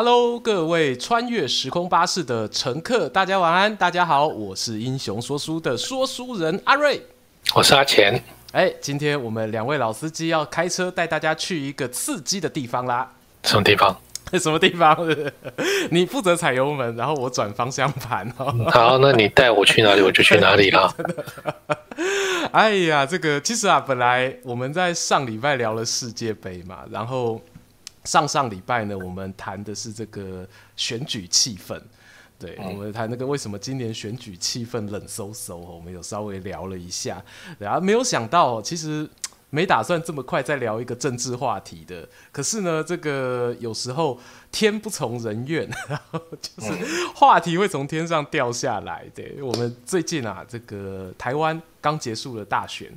Hello，各位穿越時空巴士的乘客，大家晚安，大家好，我是英雄說書的說書人阿瑞，我是阿錢。哎，今天我們兩位老司機要開車帶大家去一個刺激的地方啦。什麼地方？什麼地方？ 你負責踩油門，然後我轉方向盤哦。好，那你帶我去哪裡，我就去哪裡了 哎呀，這個其實啊，本來我們在上禮拜聊了世界盃嘛，然後。上上禮拜呢，我們談的是這個選舉氣氛，對、嗯、我們談那個為什麼今年選舉氣氛冷颼颼，我們有稍微聊了一下，然後、啊、沒有想到，其實沒打算這麼快再聊一個政治話題的，可是呢，這個有時候天不從人願， 就是話題會從天上掉下來。對我們最近啊，這個台灣剛結束了大選。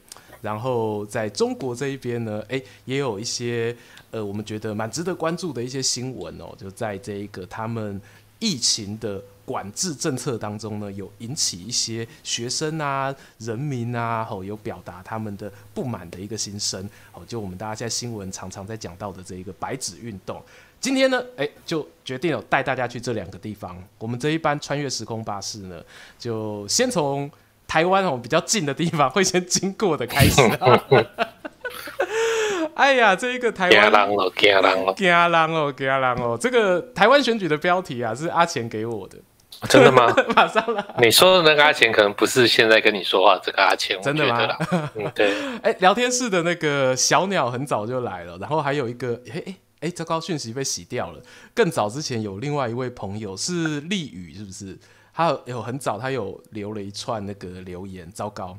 然後在中國這一邊呢，誒也有一些呃，我們覺得蠻值得關注的一些新聞哦，就在這一個他們疫情的管制政策當中呢，有引起一些學生啊、人民啊吼、哦、有表達他們的不滿的一個心聲，哦，就我們大家現在新聞常常在講到的這一個“白紙運動”。今天呢，誒，就決定要帶大家去這兩個地方。我們這一班穿越時空巴士呢，就先從，台灣我們，比較近的地方會先經過的開始，啊、 哎呀，這一個台灣，驚人哦，驚人哦，驚人哦，驚人哦！這個台灣選舉的標題啊，是阿錢給我的。真的嗎？ 馬上來。你說的那個阿錢，可能不是現在跟你說話的這個阿錢，真的嗎？嗯、對。哎、欸，聊天室的那個小鳥很早就來了，然後還有一個，哎哎哎，糟糕，訊息被洗掉了。更早之前有另外一位朋友是立宇，是不是？他有很早，他有留了一串那個留言，糟糕，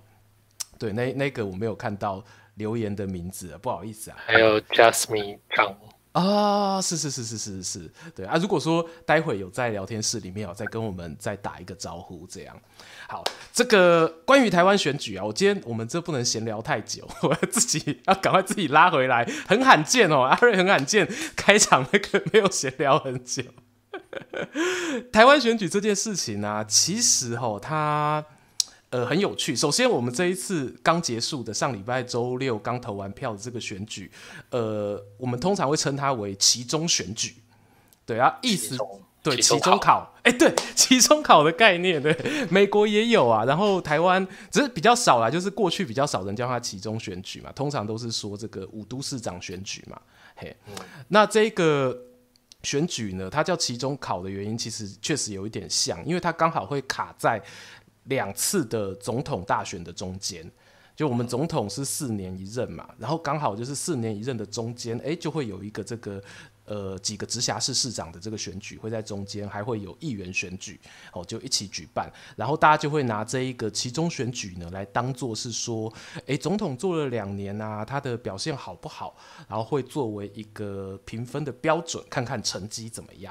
對，那那個我沒有看到留言的名字，不好意思啊。還有 Justme 張啊，是、哦，是是是是是是，對啊。如果說待會有在聊天室裡面、啊，再跟我們再打一個招呼，這樣好。這個關於台灣選舉啊，我今天我們這不能閒聊太久，我要自己要趕快自己拉回來，很罕見哦，阿瑞很罕見開場那個沒有閒聊很久。 台灣選舉這件事情呢、啊，其實吼，它呃很有趣。首先，我們這一次剛結束的上禮拜周六剛投完票的這個選舉，呃，我們通常會稱它為期中選舉。對啊，意思期對期中考，哎、欸，對期中考的概念，對美國也有啊。然後台灣只是比較少啦，就是過去比較少人叫它期中選舉嘛，通常都是說這個五都市長選舉嘛。嘿，嗯、那這個。選舉呢，它叫期中考的原因，其實確實有一點像，因為它剛好會卡在兩次的總統大選的中間，就我們總統是四年一任嘛，然後剛好就是四年一任的中間，誒、欸，就會有一個這個。呃，幾個直轄市市長的這個選舉會在中間，還會有議員選舉，哦，就一起舉辦，然後大家就會拿這一個其中選舉呢來當做是說，誒，總統做了兩年啊，他的表現好不好，然後會作為一個評分的標準，看看成績怎麼樣。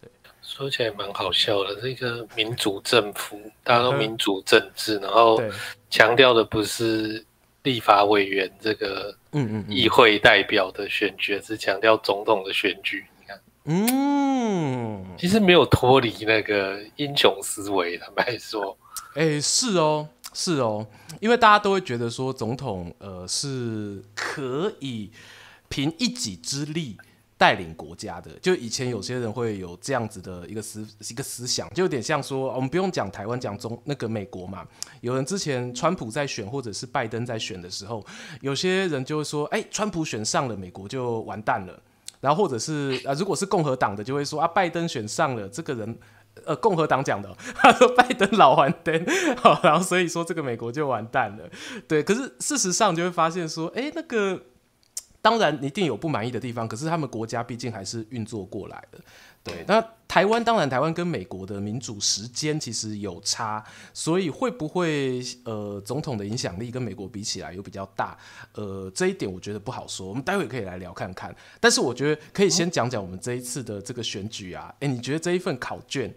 對，說起來蠻好笑的，這、那個民主政府， 大家都民主政治，然後強調的不是。立法委員這個，嗯嗯，議會代表的選舉是強調總統的選舉。你看，嗯，其實沒有脫離那個英雄思維，坦白說。哎、欸，是哦，是哦，因為大家都會覺得說總統，呃，是可以憑一己之力。帶領國家的，就以前有些人會有這樣子的一個思一個思想，就有點像說，我們不用講台灣，講中那個美國嘛。有人之前川普在選，或者是拜登在選的時候，有些人就會說，哎、欸，川普選上了，美國就完蛋了。然後或者是啊，如果是共和黨的，就會說啊，拜登選上了，這個人呃，共和黨講的，他、啊、說拜登老完蛋好’。然後所以說這個美國就完蛋了。對，可是事實上就會發現說，哎、欸，那個。當然一定有不滿意的地方，可是他們國家畢竟還是運作過來的，對。那台灣當然，台灣跟美國的民主時間其實有差，所以會不會呃總統的影響力跟美國比起來有比較大？呃，這一點我覺得不好說，我們待會可以來聊看看。但是我覺得可以先講講我們這一次的這個選舉啊，哎、嗯，你覺得這一份考卷，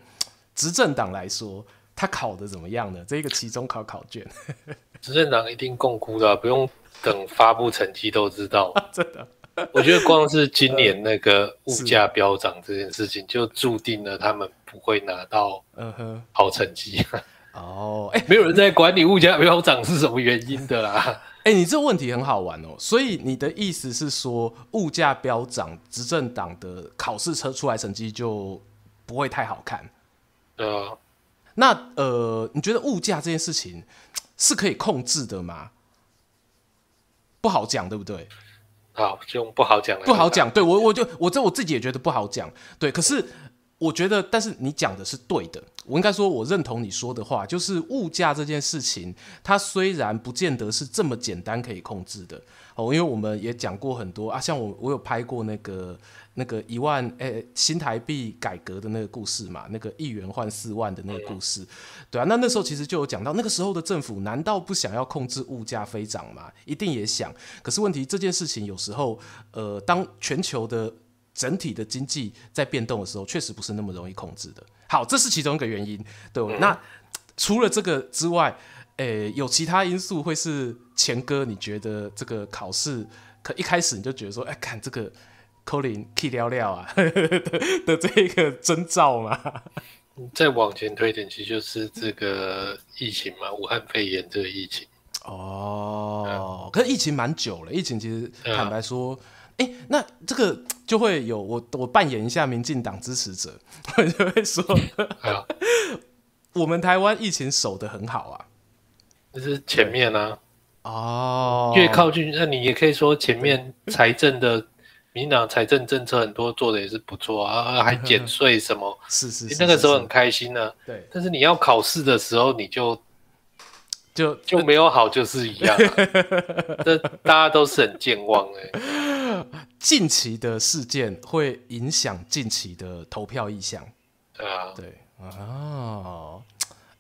執政黨來說他考得怎麼樣呢？這個期中考考卷，執政黨一定共哭的、啊，不用。等發布成績都知道，真的。我覺得光是今年那個物價飆漲這件事情，就注定了他們不會拿到嗯哼好成績。哦，哎，沒有人在管理物價飆漲是什麼原因的啦。哎，你這問題很好玩哦。所以你的意思是說，物價飆漲，執政黨的考試車出來成績就不會太好看。呃，對啊，那呃，你覺得物價這件事情是可以控制的嗎？不好講，對不對？好、哦，就不好講。不好講，對我，我就我這我自己也覺得不好講。對，可是我覺得，但是你講的是對的。我應該說，我認同你說的話，就是物價這件事情，它雖然不見得是這麼簡單可以控制的哦。因為我們也講過很多啊，像我，我有拍過那個。那個一萬誒、欸、新台幣改革的那個故事嘛，那個一元換四萬的那個故事，對啊，那那時候其實就有講到，那個時候的政府難道不想要控制物價飛漲嗎？一定也想。可是問題這件事情有時候，呃，當全球的整體的經濟在變動的時候，確實不是那麼容易控制的。好，這是其中一個原因。對，那除了這個之外，誒、欸，有其他因素會是錢哥？你覺得這個考試可一開始你就覺得說，哎、欸，看這個。扣零 l 掉料啊的這個徵兆嗎？再往前推一點，其實就是這個疫情嘛，武漢肺炎這個疫情。哦，啊、可是疫情蠻久了，疫情其實坦白說，哎、啊欸，那這個就會有我我扮演一下民進黨支持者，我就會說，啊、 我們台灣疫情守得很好啊，就是前面啊，哦，越靠近，那你也可以說前面財政的。民黨財政政策很多做的也是不錯啊，還減稅什麼， 是是、是、是、欸，那個時候很開心呢、啊。對，但是你要考試的時候，你就就、就就沒有好，就是一樣、啊。這 大家都是很健忘哎、欸。近期的事件會影響近期的投票意向。Oh. 對啊，對啊，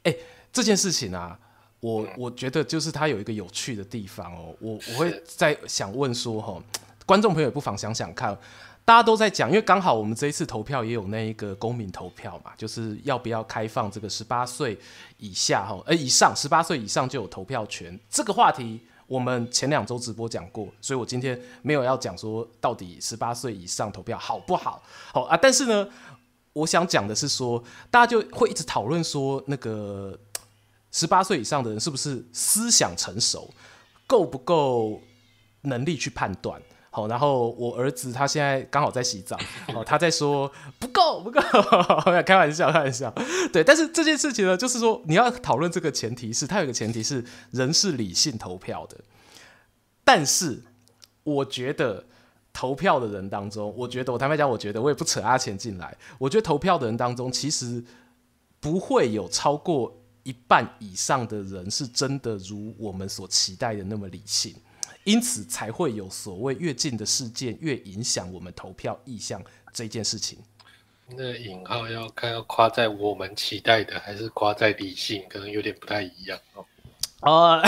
哎，這件事情啊，我、嗯、我覺得就是它有一個有趣的地方哦、喔，我我會在想問說哈。觀眾朋友也不妨想想看，大家都在講，因為剛好我們這一次投票也有那一個公民投票嘛，就是要不要開放這個十八歲以下哈，呃，以上十八歲以上就有投票權。這個話題我們前兩週直播講過，所以我今天沒有要講說到底十八歲以上投票好不好，好啊，但是呢，我想講的是說，大家就會一直討論說，那個十八歲以上的人是不是思想成熟，夠不夠能力去判斷？然後我兒子他現在剛好在洗澡， 哦，他在說，不夠不夠，不夠 開玩笑開玩笑。對，但是這件事情呢，就是說你要討論這個前提是，他有個前提是人是理性投票的，但是我覺得投票的人當中，我覺得，我坦白講，我覺得我也不扯阿錢進來，我覺得投票的人當中其實不會有超過一半以上的人是真的如我們所期待的那麼理性。因此才會有所謂越近的事件越影響我們投票意向這件事情。那引號要看要誇在我們期待的，還是誇在理性，可能有點不太一樣哦。哦、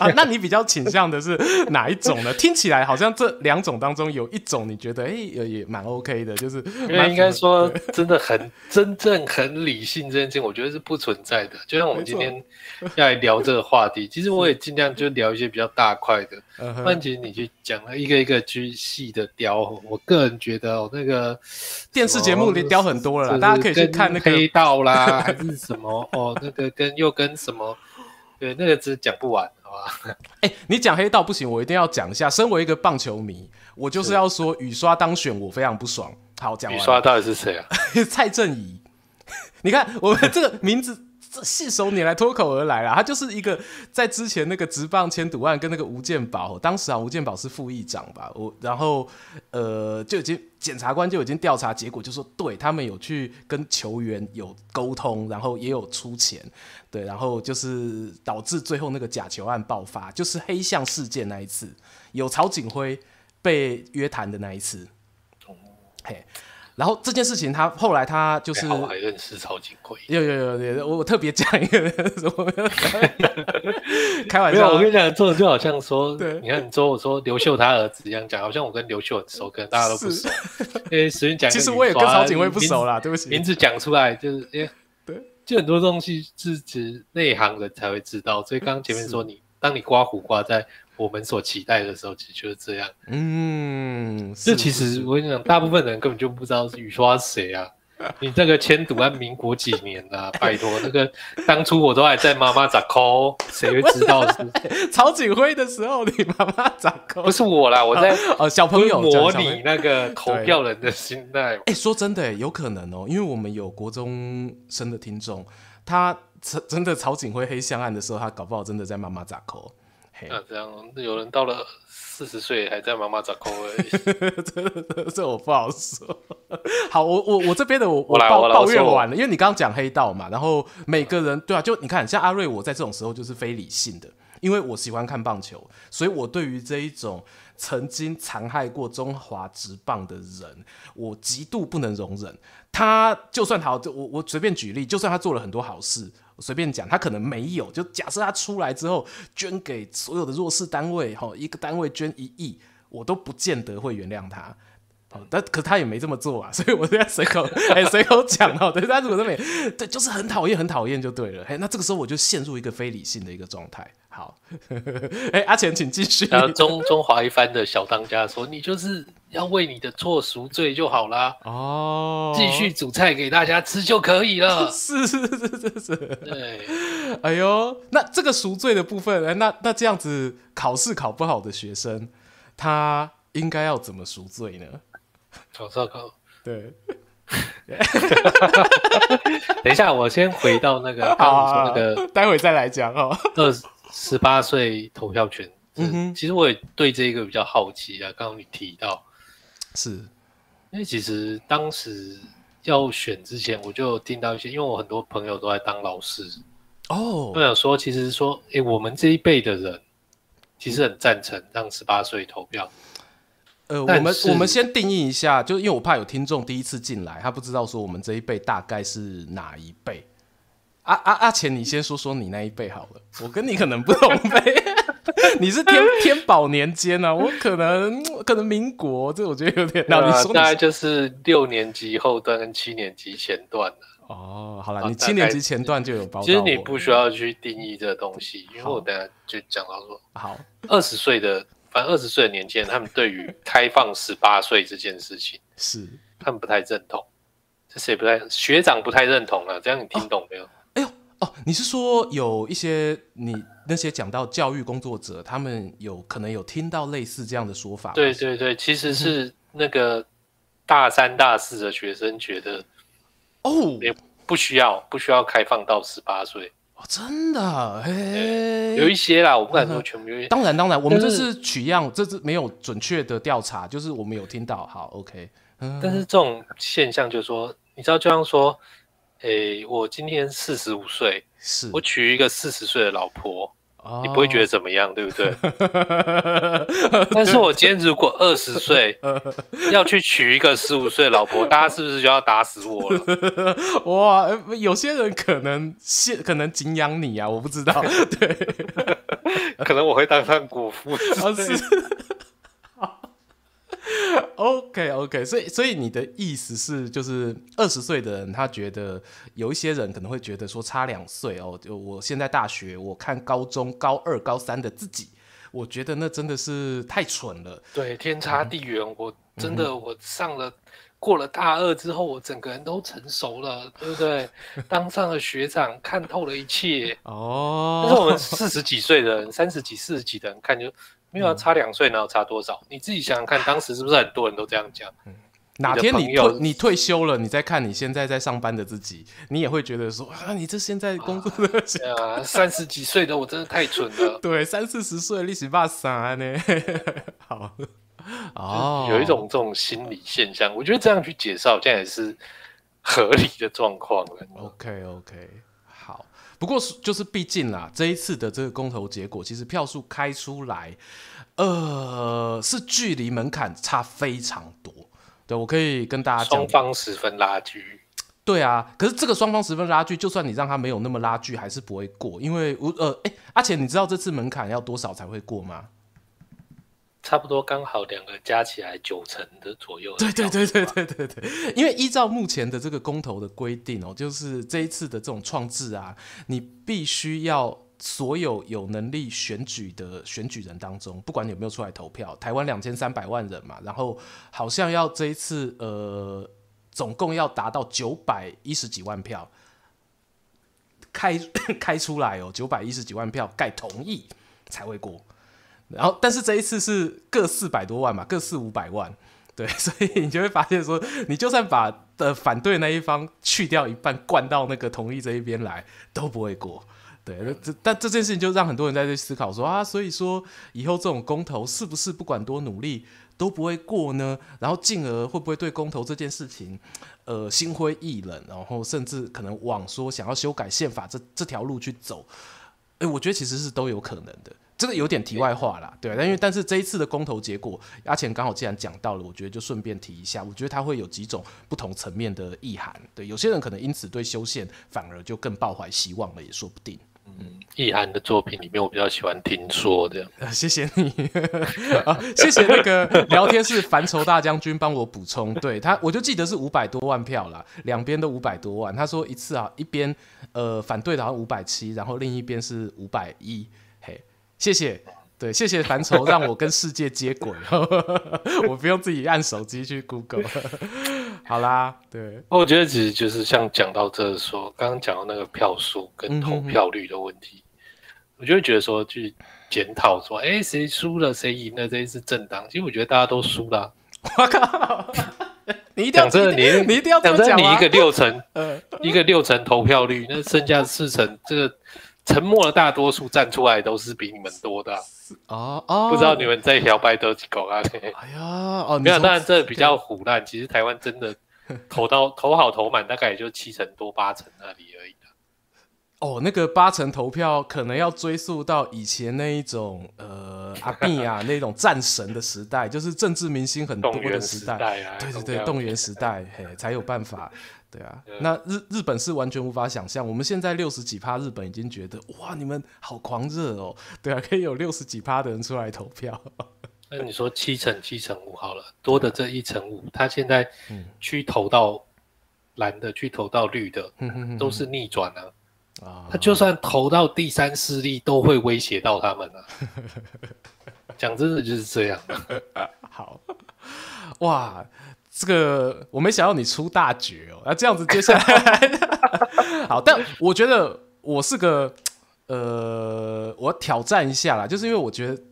oh, 那你比較傾向的是哪一種呢？ 聽起來好像這兩種當中有一種，你覺得哎、欸、也蠻 OK 的，就是因為應該說真的很 真正很理性這件事情，我覺得是不存在的。就像我們今天要來聊這個話題，其實我也盡量就聊一些比較大塊的。曼吉，你去講了一個一個巨細的雕，我個人覺得哦、喔，那個電視節目裡雕很多了，大家可以去看那個黑道啦，還是什麼 哦，那個跟又跟什麼。對，那個字講不完，好吧。哎、欸，你講黑道不行，我一定要講一下。身為一個棒球迷，我就是要說雨刷當選，我非常不爽。好，講雨刷到底是誰啊？ 蔡振正怡宜， 你看我們這個名字。 這信手拈來，脫口而來啦。他就是一個在之前那個“職棒簽賭案”跟那個吳建寶，當時啊，吳建寶是副議長吧？我然後呃，就已經檢察官就已經調查，結果就說對他們有去跟球員有溝通，然後也有出錢，對，然後就是導致最後那個假球案爆發，就是黑象事件那一次，有曹錦輝被約談的那一次，嘿。然後這件事情他，他後來他就是，欸、我還認識曹景輝，有，有有有有，我特別講一個人 開玩笑，我跟你講，做的就好像說，你看你說我說劉秀他兒子一樣講，好像我跟劉秀很熟，可能大家都不熟因為，哎，隨便講，其實我也跟曹景輝不熟啦，對不起，名字，名字講出來就是，因為對，就很多東西是指內行人才會知道，所以剛剛前面說你，當你刮胡刮在，我們所期待的時候，其實就是這樣。嗯，這其實我跟你講，是是大部分人根本就不知道雨刷是誰啊！ 你這個簽賭案，民國幾年啦、啊？ 拜托，那個、 那個、當初我都還在媽媽咋摳，誰會知道是，是、啊欸、曹錦輝的時候，你媽媽咋摳？不是我啦， 我在、啊、呃，小朋友模擬那個投票人的心態。哎、 欸，說真的、欸，有可能哦、喔，因為我們有國中生的聽眾，他真的曹錦輝黑象案的時候，他搞不好真的在媽媽咋摳。那、hey. 這樣，有人到了四十歲還在媽媽找空位，欸，真 的這我不好說。 好，我我我這邊的我我，來我抱我來我來抱怨完了，因為你剛剛講黑道嘛，然後每個人啊對啊，就你看像阿瑞，我在這種時候就是非理性的，因為我喜歡看棒球，所以我對於這一種曾經殘害過中華職棒的人，我極度不能容忍。他就算他，我我隨便舉例，就算他做了很多好事。隨便講，他可能沒有。就假設他出來之後，捐給所有的弱勢單位，吼一個單位捐一億，我都不見得會原諒他。但可他也沒這麼做啊，所以我現在隨口，哎， 欸，隨口講哦，對，但是我真的沒，對，就是很討厭，很討厭就對了。欸，那這個時候我就陷入一個非理性的一個狀態。好，哎、欸，阿錢，請繼續。啊、中中華一番的小當家說：“ 你就是要為你的錯贖罪就好啦。哦，繼續煮菜給大家吃就可以了。”是是是是，是，是對，哎呦，那這個贖罪的部分，哎，那那這樣子，考試考不好的學生，他應該要怎麼贖罪呢？考試考對， 等一下，我先回到那個剛剛說那個、啊， 待會再來講哦。 十八歲投票權，嗯哼，其實我也對這個比較好奇啊。剛剛你提到，是，因為其實當時要選之前，我就聽到一些，因為我很多朋友都在當老師，哦，我想說，其實說，誒、欸，我們這一輩的人，其實很贊成讓十八歲投票。呃，我們我們先定義一下，就因為我怕有聽眾第一次進來，他不知道說我們這一輩大概是哪一輩。阿阿阿錢，啊啊、你先說說你那一輩好了。我跟你可能不同輩， 你是天天寶年間啊，我可能可能民國。這我覺得有點。那、啊、你，你大概就是六年級後段跟七年級前段了、啊。哦，好了，你七年級前段就有包。其實你不需要去定義這個東西，因為我等下就講到說，好，二十歲的，反正二十歲的年輕人，他們對於開放十八歲這件事情， 是他們不太認同。這誰不太學長不太認同了、啊？這樣你聽懂沒有？哦。哦，你是說有一些你那些講到教育工作者，他們有可能有聽到類似這樣的說法？對對對，其實是那個大三、大四的學生覺得，哦、嗯欸，不需要，不需要開放到十八歲。哦，真的嘿、欸？有一些啦，我不敢說、嗯啊、全部。當然當然，我們這是取樣，是這是沒有準確的調查，就是我們有聽到。好，OK。嗯，但是這種現象就是說，你知道，就像說。誒，我今天四十五歲，我娶一個四十歲的老婆，你不會覺得怎麼樣，哦、對不對？ 但是，我今天如果二十歲 要去娶一個十五歲的老婆， 大家是不是就要打死我了？哇，有些人可能可能敬仰你啊，我不知道， 對， 可能我會當上國父。 啊，是。OK，OK，okay, okay, 所以，所以你的意思是，就是二十歲的人，他覺得有一些人可能會覺得說差兩歲哦。就我現在大學，我看高中高二、高三的自己，我覺得那真的是太蠢了。對，天差地遠、嗯。我真的，我上了、嗯、過了大二之後，我整個人都成熟了，對不對？當上了學長， 看透了一切。哦，但是我們四十幾歲的人， 三十幾、四十幾的人看就。因為、啊、差兩歲，然後差多少？你自己想想看，當時是不是很多人都這樣講？ 嗯、哪天你退 你退休了，你再看你現在在上班的自己，你也會覺得說啊，你這現在工作的，三、啊、十、啊、 幾歲的我真的太蠢了。 對，三四十歲歷史氣大呢？啊、 好，哦、 oh.，有一種這種心理現象，我覺得這樣去解釋，好像也是合理的狀況 OK，OK。Okay, okay. 不過，是就是，畢竟啦、啊，這一次的這個公投結果，其實票數開出來，呃，是距離門檻差非常多。對，我可以跟大家講，雙方十分拉鋸。對啊，可是這個雙方十分拉鋸，就算你讓他沒有那麼拉鋸，還是不會過，因為無呃，哎，而且你知道這次門檻要多少才會過嗎？差不多，剛好兩個加起來九成的左右的。對對對對對對對，因為依照目前的這個公投的規定哦、喔，就是這一次的這種創制啊，你必須要所有有能力選舉的選舉人當中，不管你有沒有出來投票，台灣兩千三百萬人嘛，然後好像要這一次呃，總共要達到九百一十幾萬票開開出來哦，九百一十幾萬票蓋同意才會過。然後，但是這一次是各四百多萬嘛，各四五百萬，對，所以你就會發現說，你就算把的、呃、反對的那一方去掉一半，灌到那個同意這一邊來，都不會過，對。這但這件事情就讓很多人在這思考說啊，所以說以後這種公投是不是不管多努力都不會過呢？然後進而會不會對公投這件事情，呃，心灰意冷，然後甚至可能往說想要修改憲法這這條路去走？哎，我覺得其實是都有可能的。這個有點題外話啦，對、啊，但因為但是這一次的公投結果，阿錢剛好既然講到了，我覺得就順便提一下，我覺得他會有幾種不同層面的意涵，對，有些人可能因此對修憲反而就更抱懷希望了，也說不定。嗯，意涵的作品裡面，我比較喜歡聽說這樣，呃、謝謝你 、啊，謝謝那個聊天室煩愁大將軍幫我補充，對他，我就記得是五百多萬票啦，兩邊都五百多萬，他說一次啊，一邊呃反對的話然後五百七，然後另一邊是五百一。謝謝，對，謝謝煩愁讓我跟世界接軌， 我不用自己按手機去 Google。 好啦，對，我覺得其實就是像講到這說，剛剛講到那個票數跟投票率的問題，嗯、哼哼我就會覺得說去檢討說，哎，誰輸了，誰贏了，這一次正當？其實我覺得大家都輸了、啊。我靠，你講真的，你你一定要講真，你一個六成，呃， 一個六成投票率，那剩下四成 這個。沉默的大多數站出來都是比你們多的哦、啊、哦、啊啊，不知道你們在搖擺多久啊，啊嘿嘿？哎呀哦、啊，沒有，當然這比較唬爛。其實台灣真的投到 投好投滿，大概也就七成多八成那裡而已哦，那個八成投票可能要追溯到以前那一種呃阿扁啊 那一種戰神的時代，就是政治明星很多的時代，時代啊、對對對，動員時代嘿才有辦法。 對啊，yeah. 那日日本是完全無法想象，我們現在六十幾趴，日本已經覺得哇，你們好狂熱哦。對啊，可以有六十幾趴的人出來投票。 那你說七成，七成五好了，多的這一成五，嗯，他現在去投到藍的，嗯、去投到綠的，嗯、哼哼哼都是逆轉啊、嗯哼哼。他就算投到第三勢力，都會威脅到他們啊。 講真的就是這樣、啊。 好，哇。這個我沒想到你出大絕哦，那、啊、這樣子接下來 好，但我覺得我是個呃，我挑戰一下啦，就是因為我覺得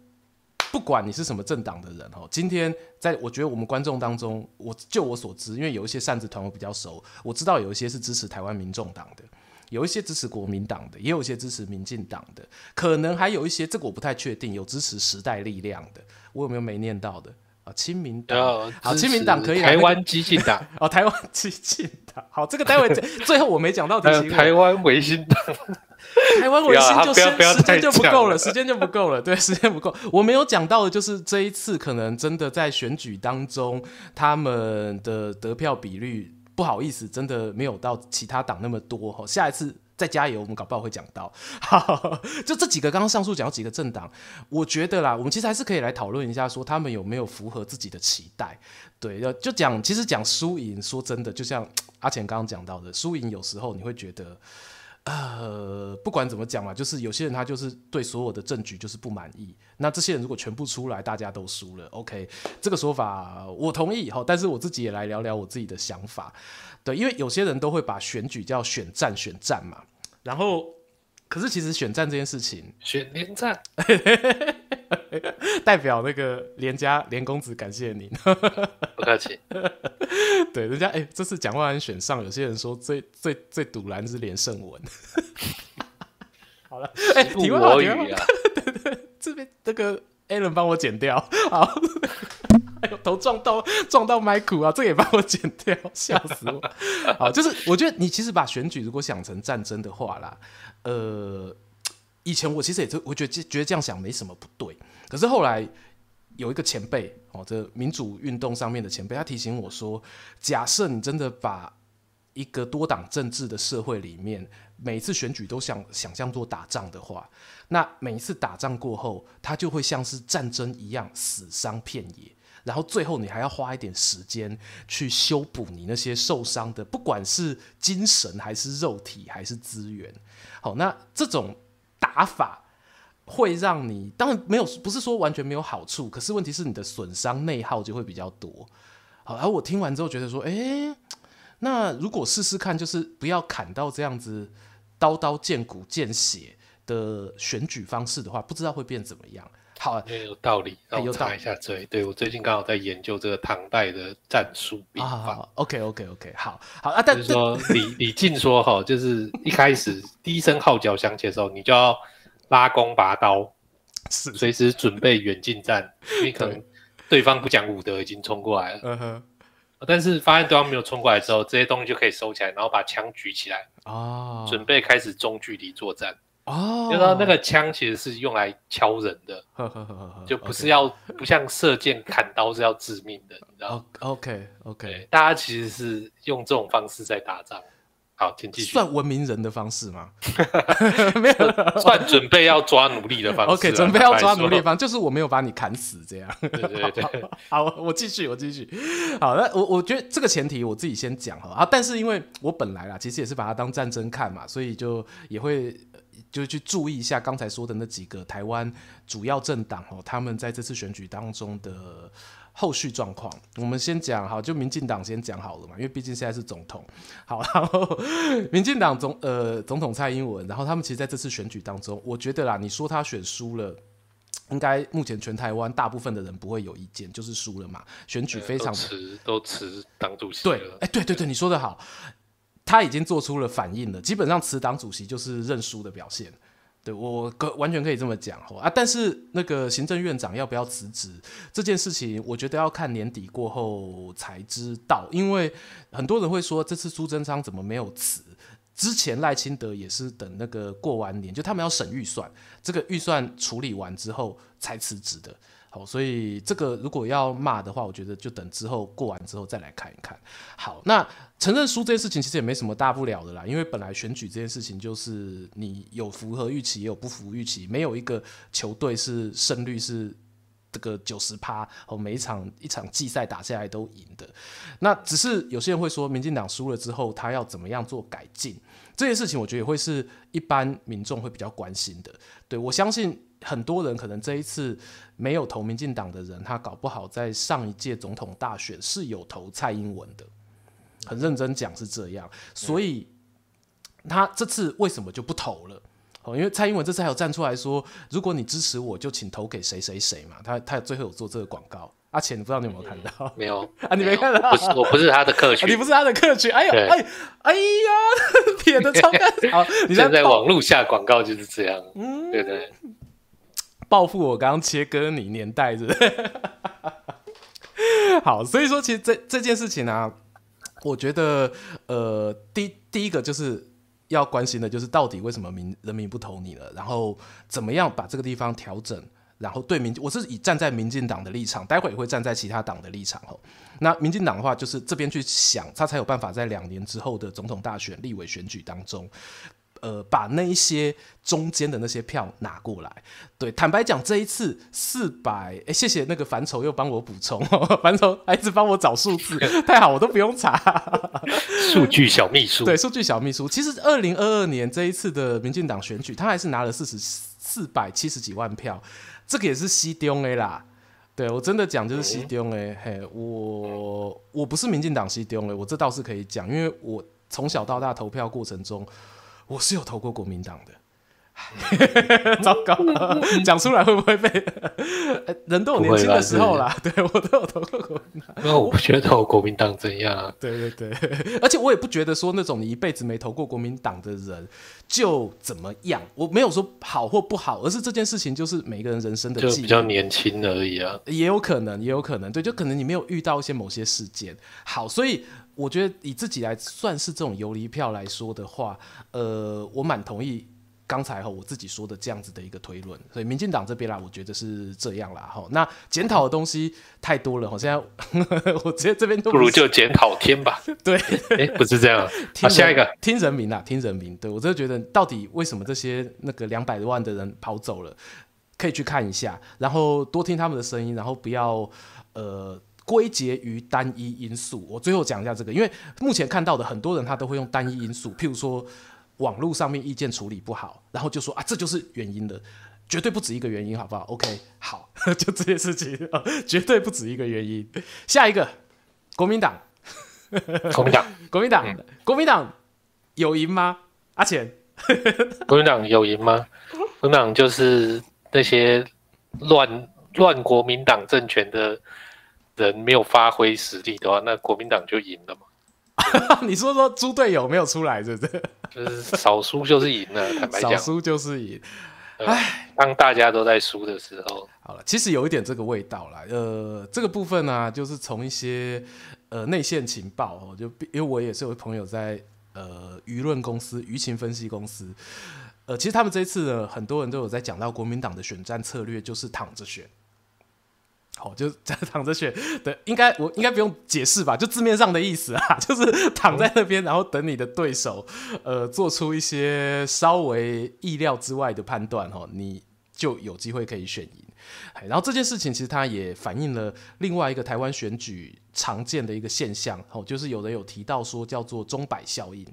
不管你是什麼政黨的人哦，今天在我覺得我們觀眾當中，我就我所知，因為有一些扇子團我比較熟，我知道有一些是支持台灣民眾黨的，有一些支持國民黨的，也有一些支持民進黨的，可能還有一些這個我不太確定有支持時代力量的，我有沒有沒念到的？啊、哦，親民黨好，親民黨可以台灣基進黨哦，台灣基進黨好，這個待會最後我沒講到的， 台灣維新黨， 台灣維新就、啊、時間就不夠了、了，時間就不夠了，了 對，時間不夠，我沒有講到的就是這一次可能真的在選舉當中，他們的得票比率，不好意思，真的沒有到其他黨那麼多哈、哦，下一次。再加油，我們搞不好會講到。就這幾個剛剛上述講幾個政黨，我覺得啦，我們其實還是可以來討論一下，說他們有沒有符合自己的期待。對，要就講，其實講輸贏，說真的，就像阿錢剛剛講到的，輸贏有時候你會覺得，呃，不管怎麼講嘛，就是有些人他就是對所有的政局就是不滿意。那這些人如果全部出來，大家都輸了。OK，這個說法我同意齁，但是我自己也來聊聊我自己的想法。對，因為有些人都會把選舉叫選戰，選戰嘛。然後，可是其實選戰這件事情，選連戰 代表那個連家連公子，感謝您， 不客氣。 對，人家哎、欸，這次蔣萬安選上，有些人說最最最堵欄是連勝文。 好了，哎、啊欸，體位好點嗎？對對，這邊那個 Allen 幫我剪掉，好。 頭撞到撞到麥克啊！這個、也把我剪掉，笑死我！ 好，就是我覺得你其實把選舉如果想成戰爭的話啦，呃，以前我其實也是，我覺得覺得這樣想沒什麼不對。可是後來有一個前輩，哦，這個、民主運動上面的前輩，他提醒我說，假設你真的把一個多黨政治的社會裡面，每一次選舉都想想象做打仗的話，那每一次打仗過後，它就會像是戰爭一樣，死傷遍野。然後最後你還要花一點時間去修補你那些受傷的，不管是精神還是肉體還是資源。好，那這種打法會讓你當然沒有，不是說完全沒有好處，可是問題是你的損傷內耗就會比較多。好，而我聽完之後覺得說，誒，那如果試試看，就是不要砍到這樣子刀刀見骨見血的選舉方式的話，不知道會變怎麼樣。好、啊，也有道理，然後查一下這、啊、對。我最近剛好在研究這個唐代的戰術兵法。OK，OK，OK，、啊啊、好好，OK, OK, 好，好啊。但、就是說李李靖說哈、 哦，就是一開始 第一聲號角響起的時候，你就要拉弓拔刀，是隨時準備遠近戰。因為 可能對方不講武德，已經衝過來了。嗯哼。但是發現對方沒有衝過來之後，這些東西就可以收起來，然後把槍舉起來啊、哦，準備開始中距離作戰。哦，就是說那個槍其實是用來敲人的，呵呵呵呵就不是要、okay. 不像射箭、砍刀是要致命的，你知道嗎？OK OK，大家其實是用這種方式在打仗，好，請繼續算文明人的方式嗎？ 沒有，算準備要抓奴隸的方式。 OK，準備要抓奴隸方式， 就是我沒有把你砍死這樣。對對對，好，我繼續，我繼續。好那我我覺得這個前提我自己先講好啊，但是因為我本來啊，其實也是把它當戰爭看嘛，所以就也會。就去注意一下剛才說的那幾個台灣主要政黨哦，他們在這次選舉當中的後續狀況。我們先講好，就民進黨先講好了嘛，因為畢竟現在是總統。好，然後民進黨總呃總統蔡英文，然後他們其實在這次選舉當中，我覺得啦，你說他選輸了，應該目前全台灣大部分的人不會有意見，就是輸了嘛。選舉非常遲，都辭黨主席了。哎，欸、對對對，對你說的好。他已經做出了反應了，基本上辭黨主席就是認輸的表現，對，我可完全可以這麼講哈啊！但是那個行政院長要不要辭職這件事情，我覺得要看年底過後才知道，因為很多人會說這次蘇貞昌怎麼沒有辭？之前賴清德也是等那個過完年，就他們要審預算，這個預算處理完之後才辭職的。好，所以這個如果要罵的話，我覺得就等之後過完之後再來看一看。好，那承認輸這件事情其實也沒什麼大不了的啦，因為本來選舉這件事情就是你有符合預期，也有不符預期，沒有一個球隊是勝率是這個九十趴，哦，每一場一場季賽打下來都贏的。那只是有些人會說，民進黨輸了之後，他要怎麼樣做改進，這件事情我覺得也會是一般民眾會比較關心的。對，我相信很多人可能這一次。沒有投民進黨的人，他搞不好在上一屆總統大選是有投蔡英文的，很認真講是這樣，所以、嗯、他這次為什麼就不投了？因為蔡英文這次還有站出來說，如果你支持我，就請投給誰誰誰嘛。他他最後有做這個廣告，阿錢不知道你有沒有看到？嗯、沒有 啊，你沒看到沒有，我不是？我不是他的客群、 啊，你不是他的客群？哎呦，哎呦，哎呀，鐵的超好！ 現在網路下廣告就是這樣，嗯， 對對。報復我剛剛切割你年代是，是， 好，所以說其實這這件事情呢、啊，我覺得呃，第第一個就是要關心的就是到底為什麼民人民不投你了，然後怎麼樣把這個地方調整，然後對民我是以站在民進黨的立場，待會也會站在其他黨的立場吼，那民進黨的話就是這邊去想，他才有辦法在兩年之後的總統大選立委選舉當中。呃，把那一些中間的那些票拿過來。對，坦白講，這一次四百，哎，謝謝那個樊籌又幫我補充，樊籌還一直幫我找數字， 太好，我都不用查。數據小秘書，對，數據小秘書。其實二零二二年這一次的民進黨選舉，他還是拿了四十四百七十幾萬票，這個也是死忠仔啦。對，我真的講，就是死忠仔，嘿，我我不是民進黨死忠仔，我這倒是可以講，因為我從小到大投票過程中。我是有投過國民黨的， 糟糕了，講、嗯嗯、出來會不會被？嗯、 人都有年輕的時候啦，對，對我都有投過國民黨。那我不覺得投國民黨怎樣、啊。對對對，而且我也不覺得說那種你一輩子沒投過國民黨的人就怎麼樣。我沒有說好或不好，而是這件事情就是每個人人生的。就比較年輕而已啊。也有可能，也有可能，對，就可能你沒有遇到一些某些事件。好，所以。我覺得以自己來算是這種游離票來說的話，呃，我蠻同意剛才哈我自己說的這樣子的一個推論。所以民進黨這邊啦，我覺得是這樣啦。哈，那檢討的東西太多了哈，現在呵呵我覺得這邊都不,不如就檢討聽吧。對、欸，不是這樣。好、啊，下一個，聽人民啊，聽人民。對我真的覺得，到底為什麼這些那個兩百萬的人跑走了，可以去看一下，然後多聽他們的聲音，然後不要呃。歸結於單一因素。我最後講一下這個，因為目前看到的很多人他都會用單一因素，譬如說網絡上面意見處理不好，然後就說啊，這就是原因了，絕對不止一個原因，好不好？OK，好，就這件事情，啊，絕對不止一個原因。下一個，國民黨，國民黨， 嗯，國民黨，國民黨有贏嗎？阿錢，國民黨有贏嗎？國民黨就是那些亂亂國民黨政權的。人沒有發揮實力的話，那國民黨就贏了嘛？ 你說說，豬隊友沒有出來，是不是？就是少輸就是贏了， 坦白講少輸就是贏、呃。唉，當大家都在輸的時候，好了，其實有一點這個味道啦。呃，這個部分呢、啊，就是從一些呃內線情報、喔、就因為我也是有朋友在呃輿論公司、輿情分析公司。呃，其實他們這一次呢，很多人都有在講到國民黨的選戰策略，就是躺着選。好、哦，就是在躺着選的，應該我應該不用解釋吧？就字面上的意思啊，就是躺在那邊，嗯、然後等你的對手，呃，做出一些稍微意料之外的判斷，哈、哦，你就有機會可以選贏。然後這件事情其實它也反映了另外一個台灣選舉常見的一個現象，哦，就是有人有提到說叫做鐘擺效應，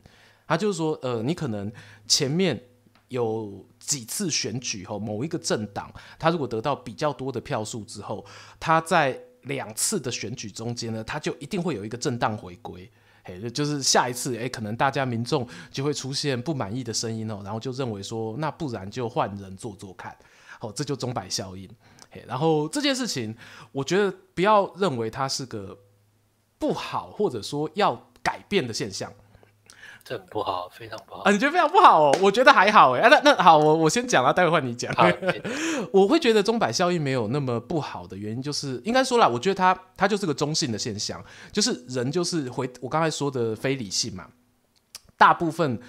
它就是說，呃，你可能前面有。幾次選舉後，某一個政黨他如果得到比較多的票數之後，他在兩次的選舉中間呢，他就一定會有一個震盪回歸，嘿，就是下一次，誒、欸，可能大家民眾就會出現不滿意的聲音哦，然後就認為說，那不然就換人做做看，好、哦，這就鐘擺效應嘿。然後這件事情，我覺得不要認為它是個不好或者說要改變的現象。這很不好，非常不好，啊。你覺得非常不好哦？我覺得還好哎，啊。那那好，我我先講了，待會換你講。 我會覺得鐘擺效應沒有那麼不好的原因就是，應該說啦，我覺得它它就是個中性的現象，就是人就是回我剛才說的非理性嘛。大部分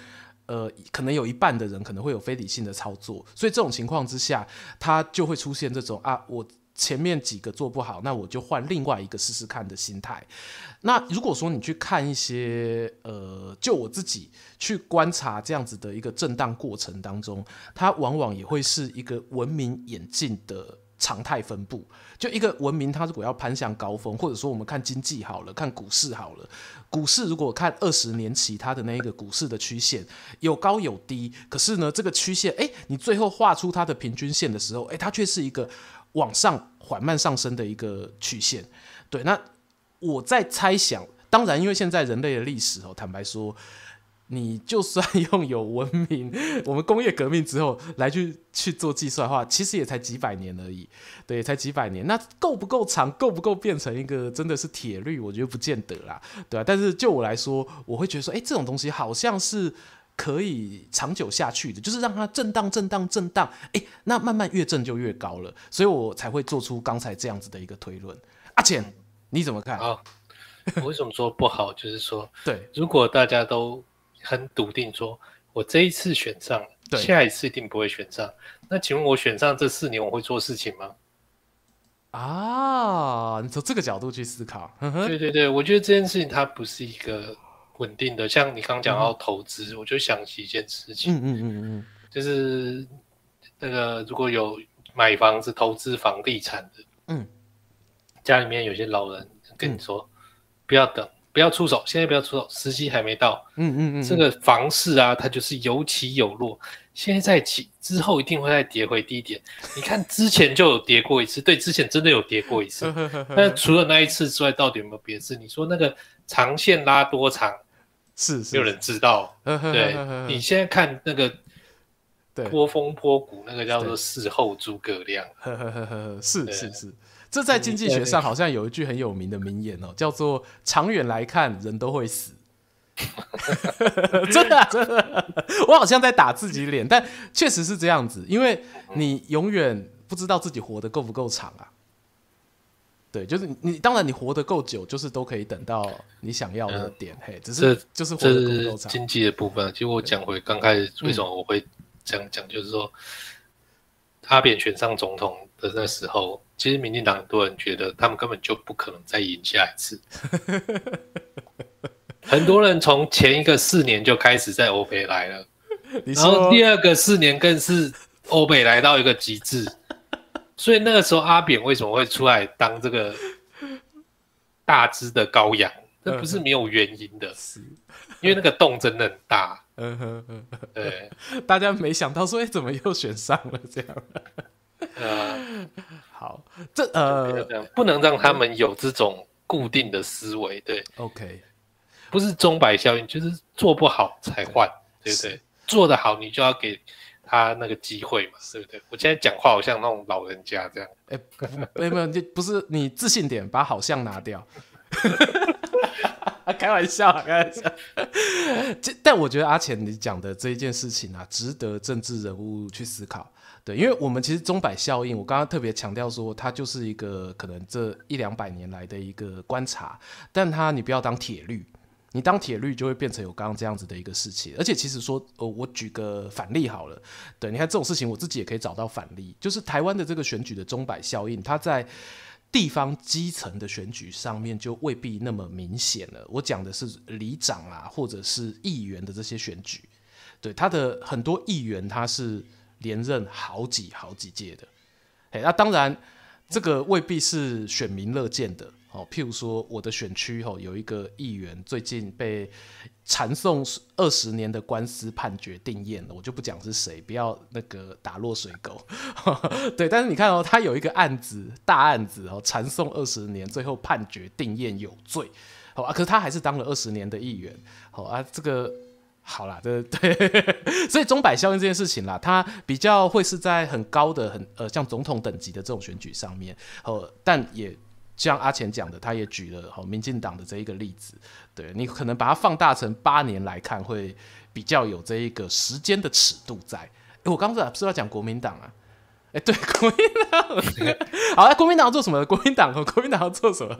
呃，可能有一半的人可能會有非理性的操作，所以這種情況之下，它就會出現這種啊我。前面幾個做不好，那我就換另外一個試試看的心態。那如果說你去看一些，呃，就我自己去觀察這樣子的一個震盪過程當中，它往往也會是一個文明演進的常態分布。就一個文明，它如果要攀向高峰，或者說我們看經濟好了，看股市好了，股市如果看二十年期它的那個股市的曲線，有高有低，可是呢，這個曲線，哎，你最後畫出它的平均線的時候，哎，它卻是一個。往上緩慢上升的一個曲線，對。那我在猜想，當然，因為現在人類的歷史哦，坦白說，你就算用有文明，我們工業革命之後來去去做計算的話，其實也才幾百年而已，對，才幾百年，那夠不夠長？夠不夠變成一個真的是鐵律？我覺得不見得啦，對啊，但是就我來說，我會覺得說，欸，這種東西好像是。可以長久下去的，就是讓它震盪、震盪、震盪。誒，那慢慢越震就越高了，所以我才會做出剛才這樣子的一個推論。阿簡，你怎麼看？啊、哦，我為什麼說不好？ 就是說，對，如果大家都很篤定說，我這一次選上，下一次一定不會選上，那請問我選上這四年，我會做事情嗎？啊，你從這個角度去思考， 對對對，我覺得這件事情它不是一個。穩定的，像你剛剛講到投資、嗯，我就想起一件事情。嗯嗯嗯嗯，就是那個如果有買房子投資房地產的，嗯，家裡面有些老人跟你說，嗯、不要等，不要出手，現在不要出手，時機還沒到。嗯嗯嗯，這個房市啊，它就是有起有落。現在起之後一定會再跌回低點，你看之前就有跌過一次。 對，之前真的有跌過一次。那 除了那一次之外，到底有沒有別的事？你說那個長線拉多長，是，是，是沒有人知道。 對，你現在看那個， 波峰波谷，那個叫做事後諸葛亮。呵呵呵呵呵，是是是，這在經濟學上好像有一句很有名的名言哦、喔嗯，叫做長遠來看，人都會死。 真的、啊，真的、啊，我好像在打自己臉，但確實是這樣子，因為你永遠不知道自己活得夠不夠長啊。對，就是你，當然你活得夠久，就是都可以等到你想要的點。嗯、嘿，只是就是、活得夠不夠長、這是經濟的部分、啊，其實我講回剛開始為什麼我會這樣講、嗯，就是說阿扁選上總統的那時候，其實民進黨很多人覺得他們根本就不可能再贏下一次。 很多人從前一個四年就開始在歐北來了，然後第二個四年更是歐北來到一個極致， 所以那個時候阿扁為什麼會出來當這個大隻的羔羊？那 不是沒有原因的，是 因為那個洞真的很大。嗯 哼對， 大家沒想到說，哎，怎麼又選上了這樣？ 對啊， 好，這，這呃，不能讓他們有這種固定的思維。對，OK。不是鐘擺效應，就是做不好才換，對不對？做得好，你就要給他那個機會嘛，對不對？我現在講話好像那種老人家這樣，哎、欸，沒有，就、 欸、不是，你自信點，把好像拿掉， 開玩笑，開玩笑。這， 但我覺得阿淺你講的這一件事情啊，值得政治人物去思考，對，因為我們其實鐘擺效應，我剛剛特別強調說，它就是一個可能這一兩百年來的一個觀察，但它你不要當鐵律。你當鐵律就會變成有剛剛這樣子的一個事情，而且其實說，呃，我舉個反例好了，對，你看這種事情我自己也可以找到反例，就是台灣的這個選舉的鐘擺效應，它在地方基層的選舉上面就未必那麼明顯了。我講的是里長啊，或者是議員的這些選舉，對，他的很多議員他是連任好幾好幾屆的，那、啊、當然這個未必是選民樂見的。哦，譬如說，我的選區、哦、有一個議員最近被纏訟二十年的官司判決定讞了，我就不講是誰，不要那個打落水狗呵呵。對，但是你看哦，他有一個案子，大案子哦，纏訟二十年，最後判決定讞有罪，好、哦、啊，可是他還是當了二十年的議員，好、哦、啊，這個好了，對對。所以鐘擺效應這件事情啦，它比較會是在很高的、很呃，像總統等級的這種選舉上面，哦，但也。就像阿乾講的，他也舉了好民進黨的這一個例子，對你可能把它放大成八年來看，會比較有這一個時間的尺度在。欸、我剛才不是要講國民黨啊？哎、欸，對，國民黨， 好、欸，國民黨要做什麼？國民黨國民黨要做什麼？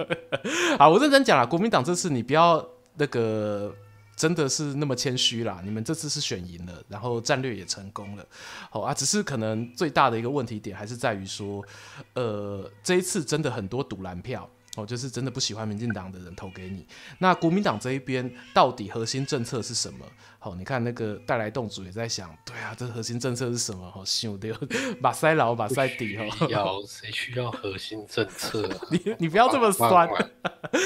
好，我認真講了，國民黨這次你不要那個。真的是那麼謙虛啦！你們這次是選贏了，然後戰略也成功了，好啊，只是可能最大的一個問題點還是在於說，呃，這一次真的很多賭藍票。哦，就是真的不喜歡民進黨的人投給你。那國民黨這一邊到底核心政策是什麼？好、哦，你看那個帶來動組也在想，對啊，這核心政策是什麼？好，新五把馬塞老，馬塞底。有誰需、哦、需要核心政策？ 你你不要這麼酸。啊、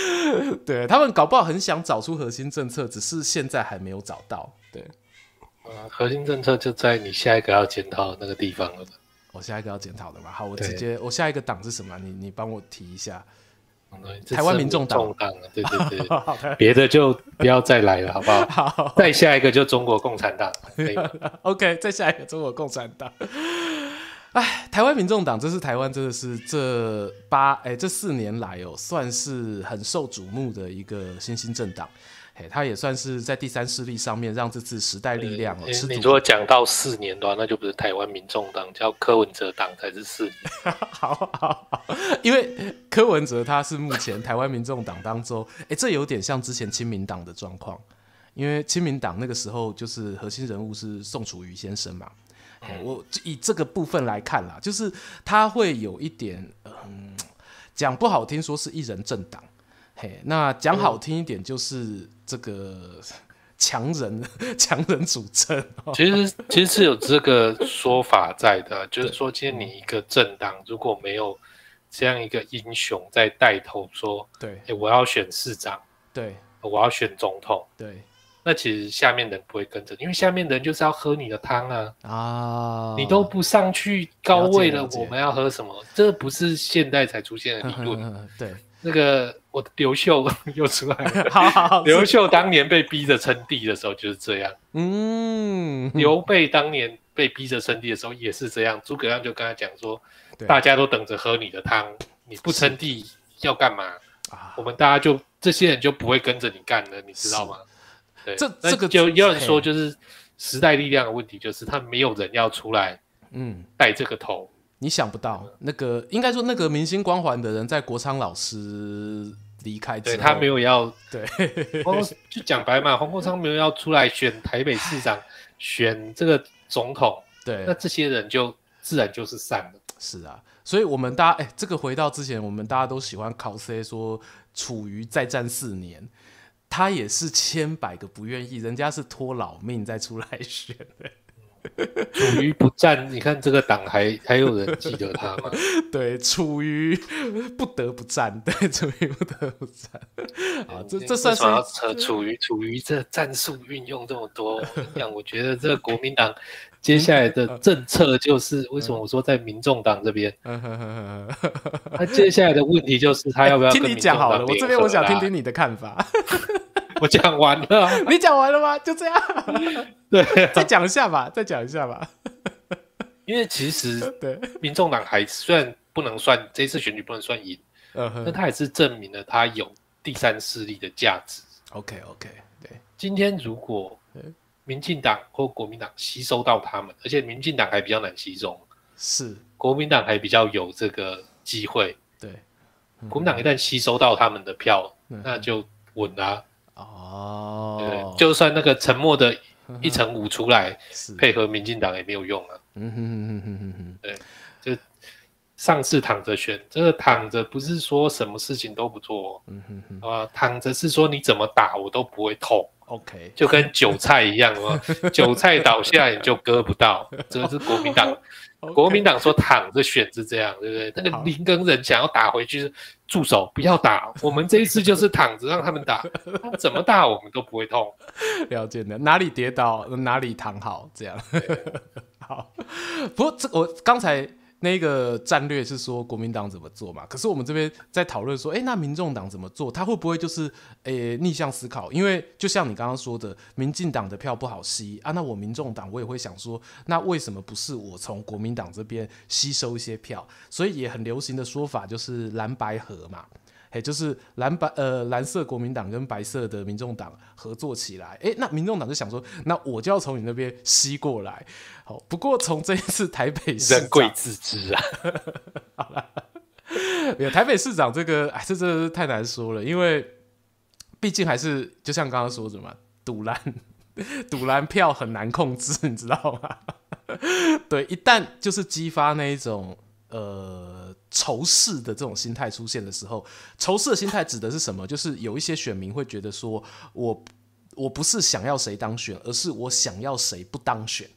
對他們搞不好很想找出核心政策，只是現在還沒有找到。對，啊、核心政策就在你下一個要檢討的那個地方了。我、哦、下一個要檢討的嘛？好，我直接，我、哦、下一個黨是什麼？你你幫我提一下。眾黨台灣民眾黨，對對對，別 的就不要再來了， 好不好？ 再下一個就中國共產黨。 OK，再下一個中國共產黨。 唉，台灣民眾黨，這是台灣，真的是這八哎、欸、這四年來哦、喔，算是很受矚目的一個新興政黨。Hey, 他也算是在第三勢力上面讓這次時代力量了、欸欸。你說講到四年的話、啊，那就不是台灣民眾黨，叫柯文哲黨才是四年。 好，好好，因為柯文哲他是目前台灣民眾黨當中，哎、 欸，這有點像之前親民黨的狀況，因為親民黨那個時候就是核心人物是宋楚瑜先生嘛。嗯、我以這個部分來看啦，就是他會有一點，講、嗯、不好聽說是一人政黨，嘿，那講好聽一點就是。嗯這個強人，強人主政，其實其實是有這個說法在的， 就是說，今天你一個政黨如果沒有這樣一個英雄在帶頭說，對、欸，我要選市長，對，我要選總統，對，那其實下面的人不會跟着，因為下面的人就是要喝你的湯啊，啊，你都不上去高位了，了解、了解，我們要喝什麼？這不是現代才出現的理論，呵呵呵呵對。那個，我的劉秀又出來了。 好好好，劉秀當年被逼着稱帝的時候就是這樣。嗯，劉備當年被逼着稱帝的時候也是這樣。嗯，諸葛亮就跟他講說：“大家都等着喝你的湯，你不稱帝要幹嘛？我們大家就這些人就不會跟着你幹了，啊，你知道嗎？”對，這這個就有人說就是時代力量的問題，就是他沒有人要出來，嗯，帶這個頭。嗯你想不到，嗯、那個應該說那個明星光環的人，在國昌老師離開之後對，他沒有要對，就、哦、講 白嘛，黃國昌沒有要出來選台北市長，選這個總統，對，那這些人就自然就是散了。是啊，所以我們大家哎、欸，這個回到之前，我們大家都喜歡考 C 說處於再戰四年，他也是千百個不願意，人家是拖老命再出來選的。處 瑜不戰，你看這個黨還還有人記得他嗎？ 對，楚瑜不得不戰，對，楚瑜不得不戰。 啊，這這算是為為什麼要扯？扯，楚瑜楚瑜這戰術運用這麼多樣， 我跟你講，我覺得這個國民黨接下來的政策就是為什麼我說在民眾黨這邊，他哼、嗯、哼接下來的問題就是他要不要聽你講好了？我這邊我想聽聽你的看法。 我講完了， 你講完了嗎？就這樣 對、啊。對， 再講一下吧，再講一下吧。 因為其實對，民眾黨還雖然不能算這次選舉不能算贏，嗯哼，但他也是證明了他有第三勢力的價值。OK，OK，、okay, okay, 對。今天如果民進黨或國民黨吸收到他們，而且民進黨還比較難吸收，是國民黨還比較有這個機會。對，國民黨一旦吸收到他們的票，嗯、那就穩啊。哦、oh.，就算那個沉默的一成五出來， 配合民進黨也沒有用啊。嗯哼哼哼哼，對，就上次躺着選，這個躺着不是說什麼事情都不做，嗯哼哼好吧，躺着是說你怎麼打我都不會痛，OK，就跟韭菜一樣哦， 韭菜倒下你就割不到， 這是國民黨。 Okay. 國民黨說躺着選是這樣，對不對？那個林耕仁想要打回去，住手，不要打。我們這一次就是躺着，讓他們打， 怎麼打我們都不會痛。了解的，哪裡跌倒哪裡躺好，這樣。 好，不過這我剛才。那個戰略是說國民黨怎麼做嘛？可是我們這邊在討論說，誒、欸、那民眾黨怎麼做？他會不會就是誒、欸、逆向思考？因為就像你剛剛說的，民進黨的票不好吸啊，那我民眾黨我也會想說，那為什麼不是我從國民黨這邊吸收一些票？所以也很流行的說法就是藍白合嘛。哎，就是藍白呃，藍色國民黨跟白色的民眾黨合作起來，哎、欸，那民眾黨就想說，那我就要從你那邊吸過來。好，不過從這一次台北市長，人貴自知啊。 好了啦，有 台北市長這個，哎，這真的是太難說了，因為畢竟還是就像剛剛說什麼賭爛、賭爛票很難控制，你知道嗎？ 對，一旦就是激發那一種呃。仇視的這種心態出現的時候，仇視的心態指的是什麼？就是有一些選民會覺得說，我我不是想要誰當選，而是我想要誰不當選。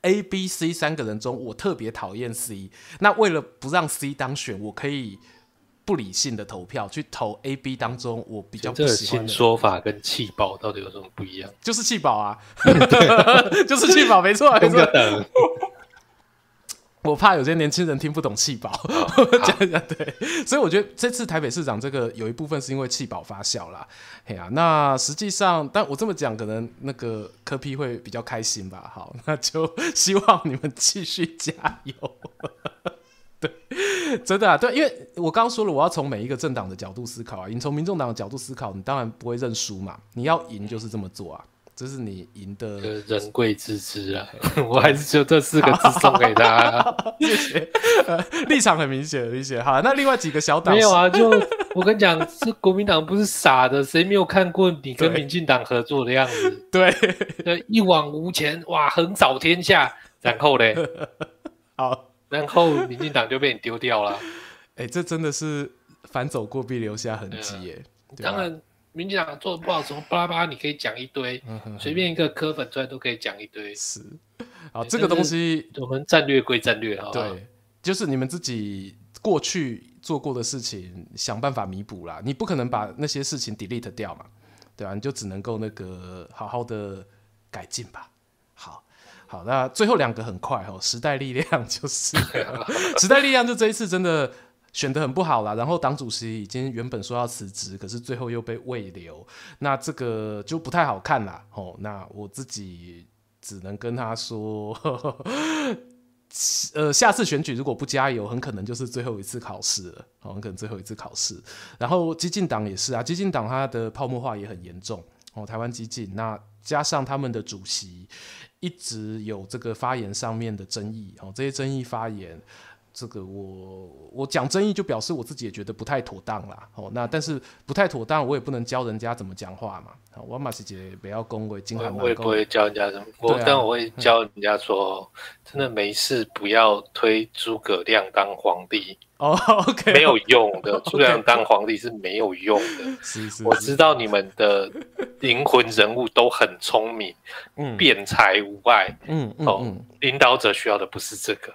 A、B、C 三個人中，我特別討厭 C。那為了不讓 C 當選，我可以不理性的投票去投 A、B 當中我比較不喜歡的。這新說法跟棄保到底有什麼不一樣？就是棄保啊， 就是棄保， 沒錯。的的沒錯等。 我怕有些年輕人聽不懂棄保，講一下，對，所以我覺得這次台北市長這個有一部分是因為棄保發酵啦。嘿呀、啊，那實際上，但我這麼講，可能那個柯 P 會比較開心吧。好，那就希望你們繼續加油。 對，真的啊，對，因為我剛剛說了，我要從每一個政黨的角度思考啊。你從民眾黨的角度思考，你當然不會認輸嘛。你要贏就是這麼做啊。就是你贏的人貴自知啊， 我還是就這四個字送給他，啊哈哈哈哈，謝謝、 呃。立場很明顯，很明顯哈。那另外幾個小黨沒有啊？就我跟你講， 這國民黨不是傻的，誰沒有看過你跟民進黨合作的樣子？對對，一往無前，哇，橫掃天下。然後嘞， 好，然後民進黨就被你丟掉了。哎、欸，這真的是反走過必留下痕跡哎，當然。民局長做的不好，什麼巴拉巴，你可以講一堆，隨、嗯、便一個科粉出來都可以講一堆。是啊，這個東西我們戰略歸戰略，好好，對，就是你們自己過去做過的事情，想辦法彌補啦。你不可能把那些事情 delete 掉嘛，對吧、啊？你就只能夠那個好好的改進吧。好，好，那最後兩個很快哦，時代力量就是， 時代力量就這一次真的，選得很不好啦，然後黨主席已經原本說要辭職，可是最後又被慰留，那這個就不太好看了哦。那我自己只能跟他說呵呵，呃，下次選舉如果不加油，很可能就是最後一次考試了，哦，很可能最後一次考試。然後基進黨也是啊，基進黨它的泡沫化也很嚴重哦，台灣基進，那加上他們的主席一直有這個發言上面的爭議哦，這些爭議發言。這個我我講爭議，就表示我自己也覺得不太妥當啦。哦，那但是不太妥當，我也不能教人家怎麼講話嘛。我馬小姐不要恭維，我也不會教人家怎麼。我、啊、但我會教人家說，嗯、真的沒事，不要推諸葛亮當皇帝哦。OK，沒有用的，諸葛亮當皇帝是沒有用的。 是是，我知道你們的靈魂人物都很聰明，嗯，辯才無礙。嗯，嗯哦嗯，領導者需要的不是這個。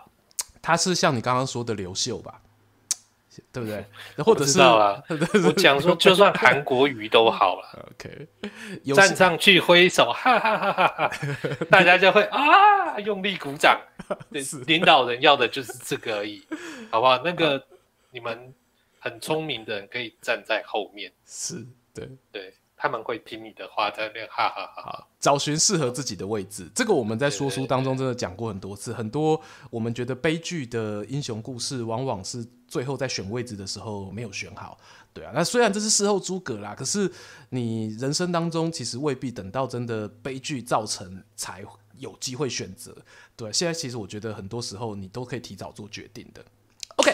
他是像你剛剛說的劉秀吧，對不對？我或者知道了，我講說就算韓國瑜都好了。OK， 站上去揮手，哈哈哈哈哈哈，大家就會啊用力鼓掌。 領導人要的就是這個而已，好不好？那個 你們很聰明的人可以站在後面，是，對對。他們會聽你的話，在那邊哈哈哈哈。找尋適合自己的位置，這個我們在說書當中真的講過很多次，對對對對。很多我們覺得悲劇的英雄故事，往往是最後在選位置的時候沒有選好。對啊，那雖然這是事後諸葛啦，可是你人生當中其實未必等到真的悲劇造成才有機會選擇。對啊，現在其實我覺得很多時候你都可以提早做決定的。OK，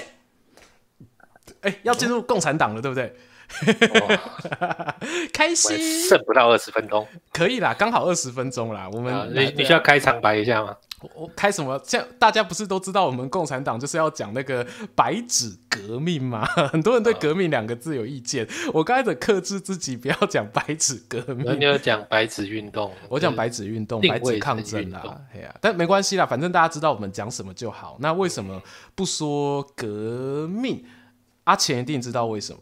哎，欸，要進入共產黨了，嗯，對不對？哈 哇 開心，剩不到二十分鐘，可以啦，剛好二十分鐘啦。我們、啊、你你需要開場白一下嗎？我開什麼？這大家不是都知道我們共產黨就是要講那個白紙革命嗎？很多人對“革命”兩個字有意見。啊、我剛才得克制自己不要講“白紙革命”，人家要講“白紙運動”， 就是、我講“白紙運動”，白紙抗爭啦，哎呀、啊，但沒關係啦，反正大家知道我們講什麼就好。那為什麼不說革命？阿、嗯、錢、啊、一定知道為什麼。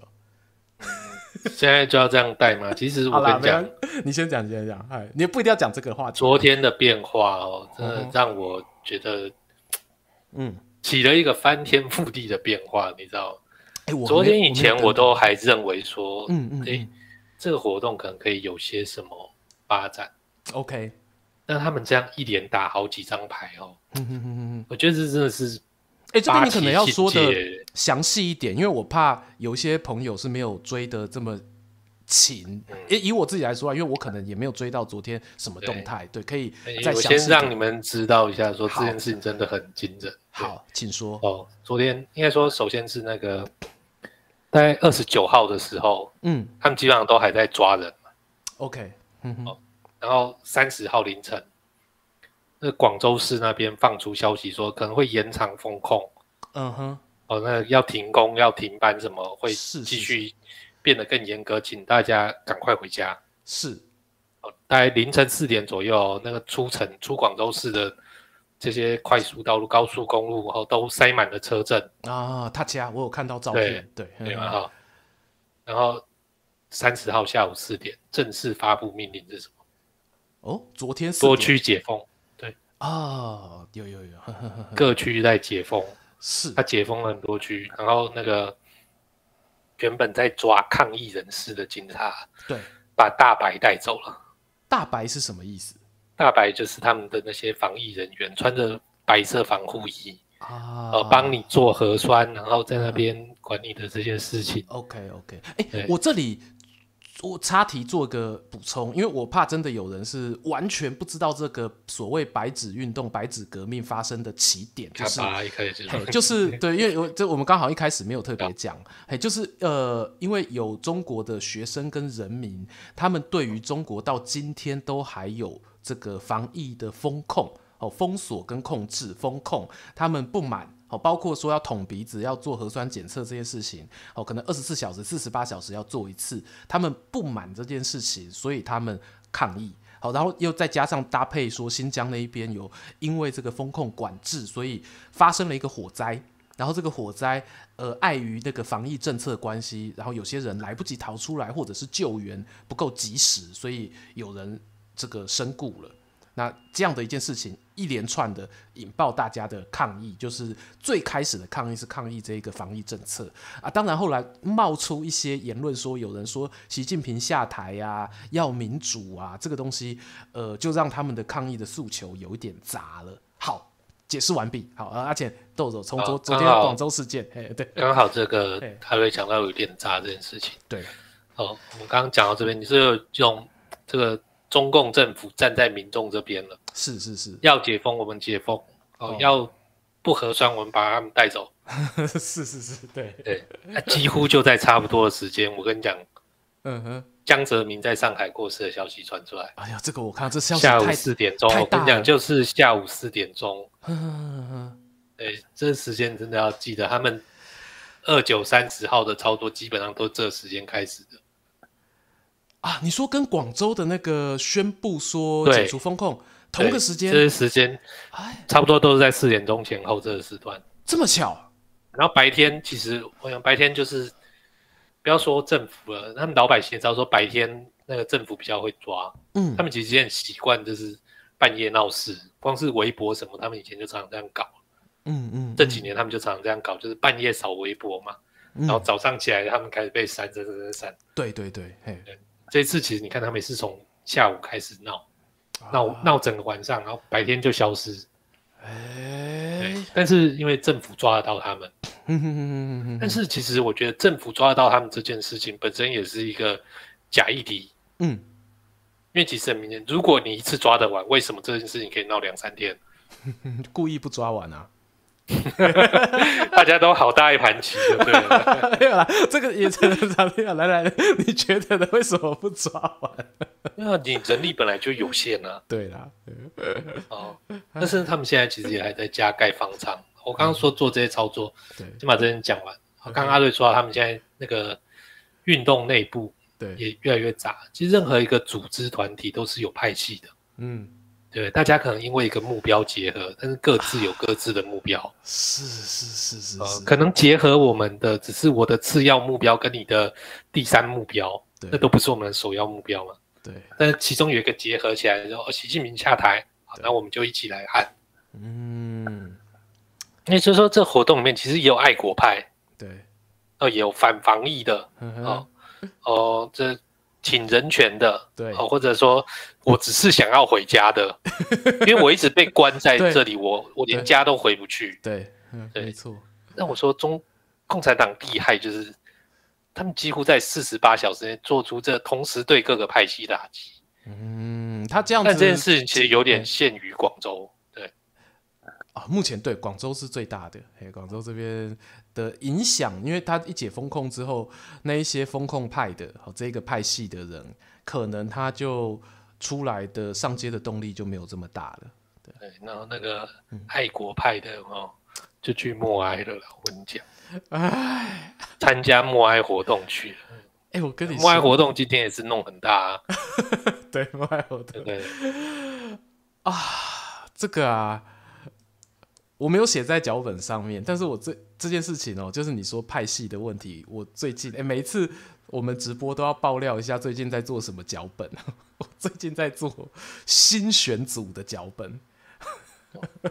現在就要這樣帶嗎？其實我跟你講，你先講，你先講，哎，你不一定要講這個話題。昨天的變化哦、喔，嗯、真的讓我覺得，嗯，起了一個翻天覆地的變化，你知道、欸、昨天以前我都還認為說，欸、嗯嗯，嗯，哎，這個活動可能可以有些什麼發展。OK，那他們這樣一連打好幾張牌哦、喔，嗯嗯嗯嗯嗯，我覺得這真的是。哎、欸，這邊你可能要說的詳細一點，因為我怕有些朋友是沒有追得這麼勤。哎、嗯，以我自己來說，因為我可能也沒有追到昨天什麼動態，對，可以再詳、欸、我先讓你們知道一下，說這件事情真的很驚人。好，請說。哦，昨天應該說，首先是那個大概二十九號的時候，嗯，他們基本上都還在抓人 OK，嗯、哦，然後三十號凌晨。那廣州市那邊放出消息說，可能會延長封控。嗯哼，哦，那個、要停工、要停班，什麼會繼續變得更嚴格？請大家趕快回家。是，哦，大概凌晨四點左右，那個出城、出廣州市的這些快速道路、高速公路，然、哦、後都塞滿了車陣。啊，他家我有看到照片。對對，很、嗯、好、啊。然後三十號下午四點正式發布命令是什麼？哦，昨天是。多區解封。哦、oh，有有有， 各區在解封，是他解封了很多區，然後那個原本在抓抗議人士的警察，對，把大白帶走了。大白是什麼意思？大白就是他們的那些防疫人員，穿着白色防護衣啊，uh... 呃、幫你做核酸，然後在那邊管你的這些事情。Uh... OK OK，哎、欸，我這裡。我插題做個補充，因為我怕真的有人是完全不知道這個所謂“白紙運動”“白紙革命”發生的起點的，就是就是對，因為這我們剛好一開始沒有特別講， 嘿，就是呃，因為有中國的學生跟人民，他們對於中國到今天都還有這個防疫的封控哦，封鎖跟控制封控，他們不滿。好，包括說要捅鼻子、要做核酸檢測這件事情，哦，可能二十四小時、四十八小時要做一次，他們不滿這件事情，所以他們抗議。好，然後又再加上搭配說新疆那一邊有因為這個封控管制，所以發生了一個火災，然後這個火災呃礙於那個防疫政策關係，然後有些人來不及逃出來，或者是救援不夠及時，所以有人這個身故了。那、啊、這樣的一件事情，一連串的引爆大家的抗議，就是最開始的抗議是抗議這一個防疫政策啊。當然後來冒出一些言論，說有人說習近平下台呀、啊，要民主啊，這個東西，呃，就讓他們的抗議的訴求有一點雜了。好，解釋完畢。好，阿、啊、且豆豆，從昨、哦、昨天的廣州事件，哎，對，剛好這個還會講到有點雜這件事情。對，好、哦，我剛剛講到這邊，你是,是用這個。中共政府站在民眾這邊了，是是是，要解封，我們解封，哦，要不核酸，我們把他們帶走 是是是對對、 啊、幾乎就在差不多的時間，我跟你講、嗯哼、江澤民在上海過世的消息傳出來哎呀，這個我看這是太下午四點鐘，我跟你講就是下午四點鐘 對這時間真的要記得，他們二九三十號的操作基本上都這時間開始的。啊，你說跟廣州的那個宣佈說解除封控同個時間，這些、就是、時間，差不多都是在四點鐘前後這個時段，這麼巧。然後白天，其實我想白天就是，不要說政府了，他們老百姓也知道說白天那個政府比較會抓，嗯，他們其實很習慣就是半夜鬧事，光是微博什麼，他們以前就常常這樣搞，嗯嗯，這幾年他們就常常這樣搞，嗯、就是半夜掃微博嘛、嗯，然後早上起來他們開始被刪，着刪，着刪，這、嗯、刪，對對對，嘿。對這一次其實你看，他們也是從下午開始鬧，啊、鬧鬧整個晚上，然後白天就消失。哎、欸，但是因為政府抓得到他們， 但是其實我覺得政府抓得到他們這件事情本身也是一個假議題，嗯，因為其實很明顯，如果你一次抓得完，為什麼這件事情可以鬧兩三天？ 故意不抓完啊。 大家都好大一盤棋，對吧？ 沒有啊，這個也正常。沒有，來來，你覺得呢？為什麼不抓完？因 有、啊，你人力本來就有限啊。對啦， 哦，但是他們現在其實也還在加蓋方艙 我剛剛說做這些操作，對、嗯，先把這些講完。剛剛阿瑞說到，他們現在那個運動內部，對，也越來越雜。其實任何一個組織團體都是有派系的，嗯。對，大家可能因為一個目標結合，但是各自有各自的目標。啊、是是是是，是、呃，可能結合我們的只是我的次要目標，跟你的第三目標，那都不是我們的首要目標嘛。對。但其中有一個結合起來然後、哦，習近平下台，那我們就一起來按。嗯。也就是說，這活動裡面其實也有愛國派。對。哦、呃，也有反防疫的。哦哦，這、呃。挺人權的，對、哦，或者說我只是想要回家的， 因為我一直被關在這裡， 我我連家都回不去。對，對對嗯、對沒錯。那我說中共產黨厲害，就是他們幾乎在四十八小時內做出這同時對各個派系打擊。嗯，他這樣子，但這件事情其實有點限於廣州。欸啊，目前對廣州是最大的，嘿，廣州這邊的影響，因為他一解封控之後，那一些封控派的，好、哦，這個派系的人，可能他就出來的上街的動力就沒有這麼大了。對，那那個愛國派的哦、嗯，就去默哀了。我跟你講，哎，參加默哀活動去了。哎，我跟你說，默哀活動今天也是弄很大、啊。 對，默哀活動。對對啊，這個啊。我沒有寫在腳本上面，但是我最這件事情哦、喔，就是你說派系的問題。我最近哎，每一次我們直播都要爆料一下最近在做什麼腳本呵呵，我最近在做新選組的腳本。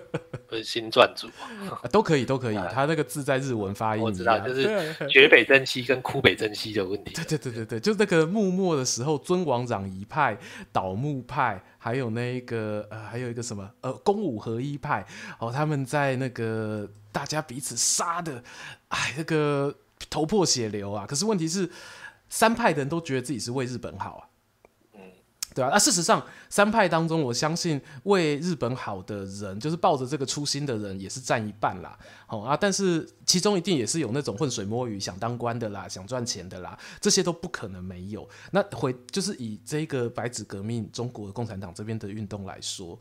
是新撰組、啊啊，都可以，都可以。 他那個字在日文發音，我知道，就是“絕北真希跟“枯北真希的問題。 對,對對對對對，就是那個幕末的時候，尊王攘夷派、倒幕派，還有那個呃，還有一個什麼呃，公武合一派，哦，他們在那個大家彼此殺的，哎，那個頭破血流啊。可是問題是，三派的人都覺得自己是為日本好啊。對啊，啊，事實上，三派當中，我相信為日本好的人，就是抱着這個初心的人，也是占一半啦。好、哦、啊，但是其中一定也是有那種渾水摸魚、想當官的啦，想賺錢的啦，這些都不可能沒有。那回就是以這個白紙革命、中國共產黨這邊的運動來說，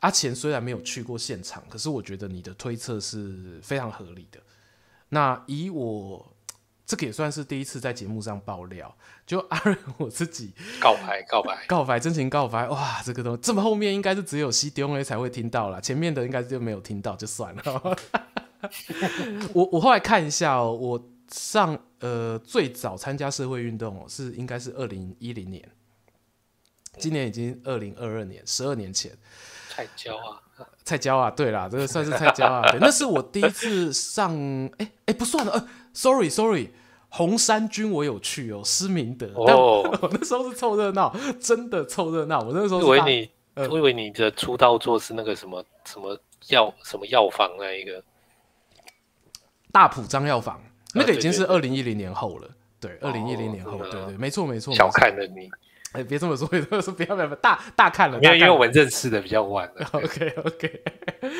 阿錢雖然沒有去過現場，可是我覺得你的推測是非常合理的。那以我。這個也算是第一次在節目上爆料。就阿瑞，我自己告白、告白、告白、真情告白。哇，這個都這麼後面應該是只有 C D O A 才會聽到了，前面的應該是就沒有聽到就算了。 我我後來看一下、哦，我上呃最早參加社會運動、哦、是應該是二零一零年，今年已經二零二二年，十二年前。菜教啊，呃、菜教啊，對啦，這個算是菜教啊 對。那是我第一次上，哎哎，不算了，呃，Sorry Sorry。紅衫軍我有去哦，施明德。哦、oh.，我那時候是湊熱鬧，真的湊熱鬧。我那時候以為你，呃，我以為你的出道作是那個什麼什麼藥什麼藥房那一個大埔張藥房、啊，那個已經是二零一零年後了。對，二零一零年後，對，對對，沒錯沒錯。小看了你，哎、欸，別這麼說，別這麼說，不要不要，不要，大大看了，因為因為我們認識的比較晚了。OK OK。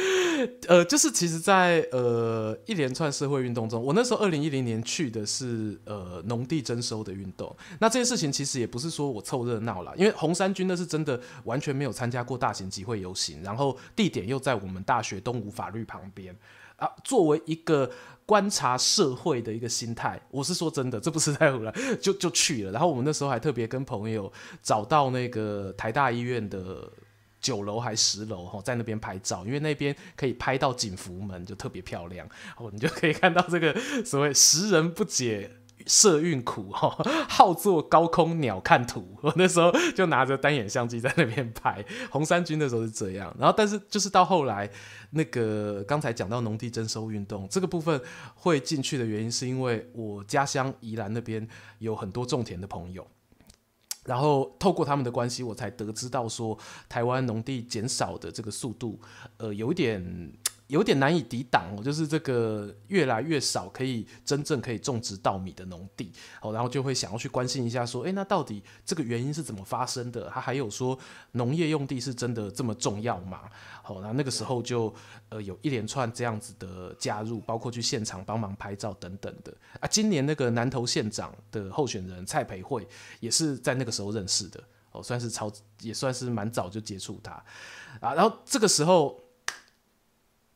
呃，就是其實在，在呃一連串社會運動中，我那時候二零一零年去的是呃農地徵收的運動。那這件事情其實也不是說我湊熱鬧啦，因為紅衫軍那是真的完全沒有參加過大型集會遊行，然後地點又在我們大學東吳法律旁邊啊。作為一個觀察社會的一個心態，我是說真的，這不是在乎啦，就就去了。然後我們那時候還特別跟朋友找到那個台大醫院的。九樓還是十樓？哈，在那邊拍照，因為那邊可以拍到景福門，就特別漂亮。哦，你就可以看到這個所謂“時人不解社運苦，哈，好作高空鳥瞰圖”。我那時候就拿着單眼相機在那邊拍紅衫軍的時候是這樣。然後，但是就是到後來，那個剛才講到農地徵收運動這個部分會進去的原因，是因為我家鄉宜蘭那邊有很多種田的朋友。然後透過他們的關係，我才得知到說，台灣農地減少的這個速度，呃，有一點。有點難以抵擋哦，就是這個越來越少可以真正可以種植稻米的農地。好，然後就會想要去關心一下，說，哎，那到底這個原因是怎麼發生的？他還有說，農業用地是真的這麼重要嗎？好，那那個時候就呃有一連串這樣子的加入，包括去現場幫忙拍照等等的啊。今年那個南投縣長的候選人蔡培慧也是在那個時候認識的哦，算是超也算是蠻早就接觸他啊，然後這個時候。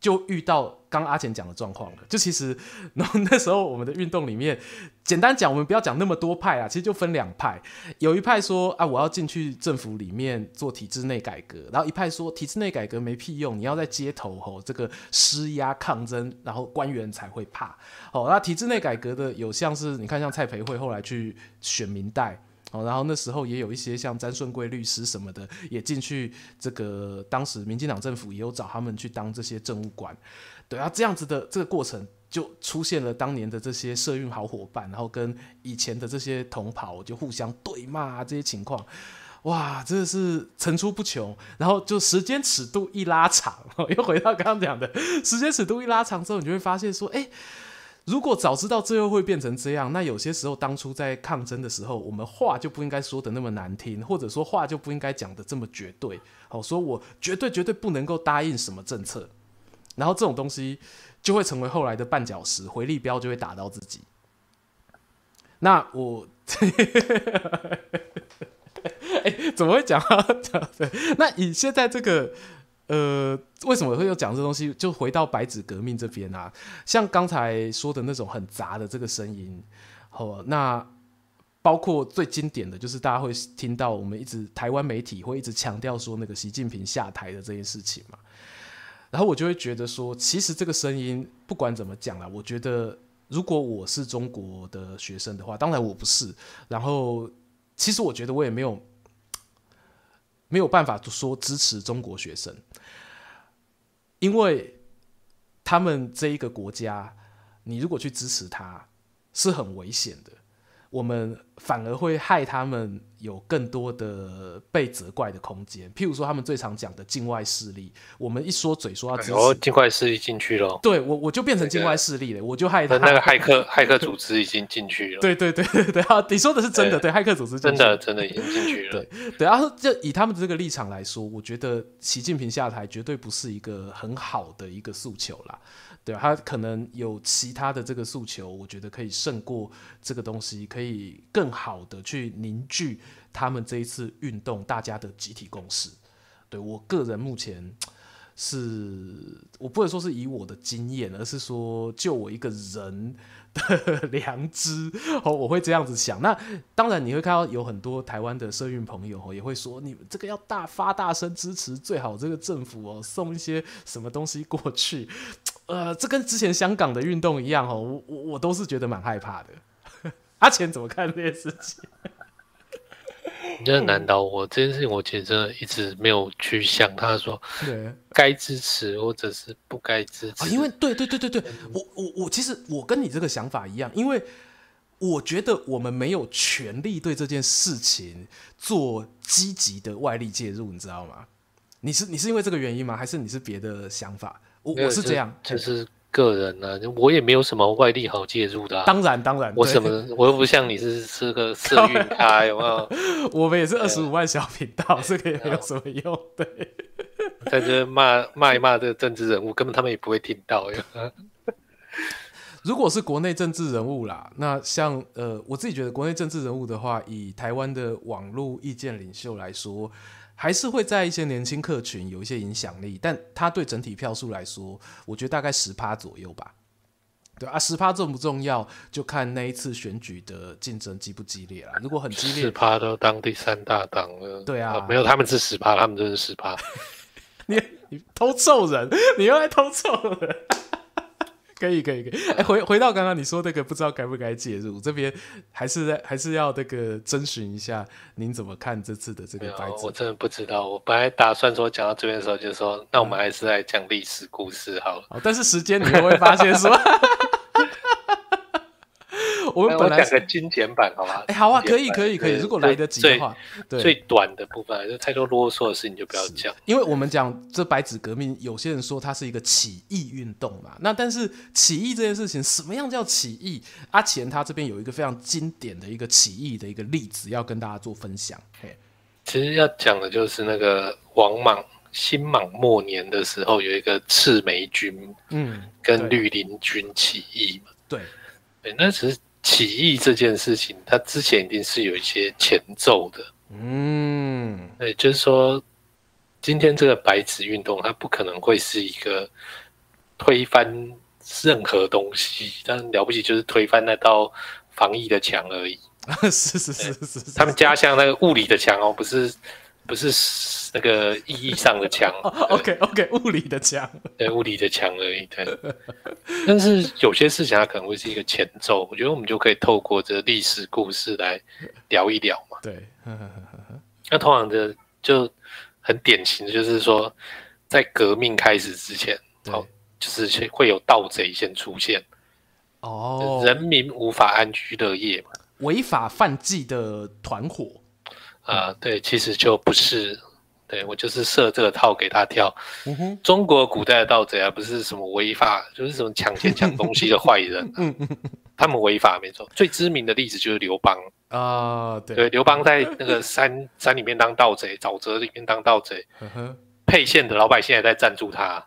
就遇到剛阿簡講的狀況了，就其實，那時候我們的運動裡面，簡單講，我們不要講那麼多派啊，其實就分兩派，有一派說啊，我要進去政府裡面做體制內改革，然後一派說體制內改革沒屁用，你要在街頭吼這個施壓抗爭，然後官員才會怕。好，那體制內改革的有像是你看像蔡培慧後來去選民代。然後那時候也有一些像詹順貴律師什麼的也進去，這個當時民進黨政府也有找他們去當這些政務官，對啊，這樣子的這個過程就出現了當年的這些社運好夥伴，然後跟以前的這些同袍就互相對罵啊這些情況，哇，真的是層出不窮。然後就時間尺度一拉長，又回到剛剛講的時間尺度一拉長之後，你就會發現說，哎。如果早知道最後會變成這樣，那有些時候當初在抗爭的時候，我們話就不應該說得那麼難聽，或者說話就不應該講得這麼絕對。好、哦，說我絕對絕對不能夠答應什麼政策，然後這種東西就會成為後來的絆腳石，回力鏢就會打到自己。那我，哎、 欸，怎麼會講 那以現在這個。呃，為什麼會有講這東西？就回到白紙革命這邊啊，像剛才說的那種很雜的這個聲音，哦，那包括最經典的就是大家會聽到我們一直台灣媒體會一直強調說那個習近平下台的這件事情嘛，然後我就會覺得說，其實這個聲音不管怎麼講啦，我覺得如果我是中國的學生的話，當然我不是，然後其實我覺得我也沒有。沒有辦法說支持中國學生，因為他們這一個國家，你如果去支持他是很危險的。我們反而會害他們有更多的被責怪的空間。譬如說，他們最常講的境外勢力，我們一說，嘴說啊，境外勢力進去了，對，我我就變成境外勢力了，我就害他那個駭客駭客組織已經進去了。 對對對對，對啊！你說的是真的？對，駭客組織真的真的已經進去了。 對，然後、啊、就以他們的這個立場來說，我覺得習近平下台絕對不是一個很好的一個訴求啦。對，他可能有其他的這個訴求，我覺得可以勝過這個東西，可以更好的去凝聚他們這一次運動大家的集體共識。對我個人目前是，我不能說是以我的經驗，而是說就我一個人的良知哦，我會這樣子想。那當然你會看到有很多台灣的社運朋友也會說，你們這個要大發大聲支持，最好這個政府哦送一些什麼東西過去。呃，這跟之前香港的運動一樣哦，我我我都是覺得蠻害怕的。 阿錢怎麼看這件事情？真 的難倒我，這件事情我其實真的一直沒有去想，他說該、嗯、支持或者是不該支持，哦、因為對對對對對，嗯、我我我其實我跟你這個想法一樣，因為我覺得我們沒有權利對這件事情做積極的外力介入，你知道嗎？你是你是因為這個原因嗎？還是你是別的想法？我，我是這樣，就是個人吶、啊，我也沒有什麼外力好介入的、啊。當然當然，我什麼我又不像你是是個社運咖啊。 我們也是二十五萬小頻道，這個也沒有什麼用。對，在 這罵罵一罵這政治人物，根本他們也不會聽到呀、欸。 如果是國內政治人物啦，那像呃，我自己覺得國內政治人物的話，以台灣的網絡意見領袖來說，還是會在一些年輕客群有一些影響力，但他對整體票數來說，我覺得大概十趴左右吧。對啊，十趴重不重要，就看那一次選舉的競爭激不激烈啦。如果很激烈，十趴都當第三大黨了。對啊，啊，沒有，他們是十趴，他們就是十趴 。你你偷臭人，你又來偷臭人。可以可以可以，哎、欸，回回到剛剛你說那個，不知道該不該介入，這邊還是還是要那個徵詢一下您怎麼看這次的這個白紙的。我真的不知道，我本來打算說講到這邊的時候就是說，那我們還是來講歷史故事好了。嗯哦、但是時間你會發現說。 我本來我講個精簡版好嗎？哎、欸，好啊，可以可以,可以,可,以可以。如果來得及的話，對對最短的部分，就太多囉嗦的事情就不要講。因為我們講這白紙革命，有些人說它是一個起義運動嘛。那但是起義這件事情，什麼樣叫起義？阿錢他這邊有一個非常經典的一個起義的一個例子要跟大家做分享。對，其實要講的就是那個王莽新莽末年的時候，有一個赤眉軍，嗯，跟綠林軍起義嘛。對、嗯，對，欸、那其實。起義這件事情，他之前一定是有一些前奏的。嗯，對，就是說，今天這個白紙運動，它不可能會是一個推翻任何東西，但了不起就是推翻那道防疫的牆而已。 是是是是， 他們家鄉那個物理的牆哦，不是。不是那個意義上的強 oh,，OK OK，物理的強，對，物理的強而已。對， 但是有些事情它可能會是一個前奏，我覺得我們就可以透過這個歷史故事來聊一聊嘛。對，那、 啊、通常的就很典型的就是說在革命開始之前，哦，就是會有盜賊先出現，哦、oh,，人民無法安居樂業，違法犯紀的團夥。啊，對，其實就不是，對我就是設這個套給他跳、嗯哼。中國古代的盜賊啊，不是什麼違法，就是什麼搶錢搶東西的壞人、啊。 他們違法沒錯。最知名的例子就是劉邦啊對，對，劉邦在那個山山裡面當盜賊，沼澤裡面當盜賊。沛 縣的老百姓還在贊助他，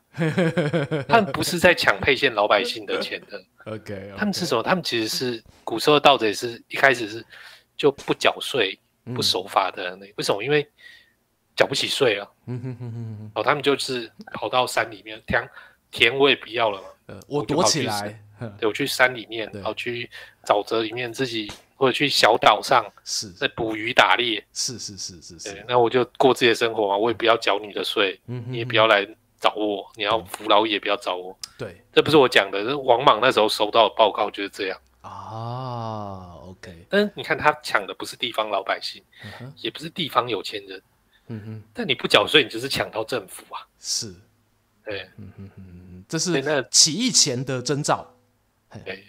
他們不是在搶沛縣老百姓的錢的。 okay, OK，他們是什麼？他們其實是古時候的盜賊是一開始是就不繳稅。不守法的。那為什麼？因為繳不起稅啊。嗯，然後他們就是跑到山裡面，田田我也不要了嘛。呃、我躲起來我 對，我去山裡面，然後去沼澤裡面自己，或者去小島上是，在捕魚打獵。是是是是，是，是那我就過自己的生活嘛、啊。我也不要繳你的稅， 你也不要來找我。 你要扶老也不要找我。對，這不是我講的，是王莽那時候收到的報告就是這樣。啊。Okay. 但你看，他搶的不是地方老百姓，uh -huh. 也不是地方有錢人，uh -huh. 但你不繳稅，你就是搶到政府啊。是、uh -huh.，對，嗯、uh -huh. 這是那起義前的徵兆。對，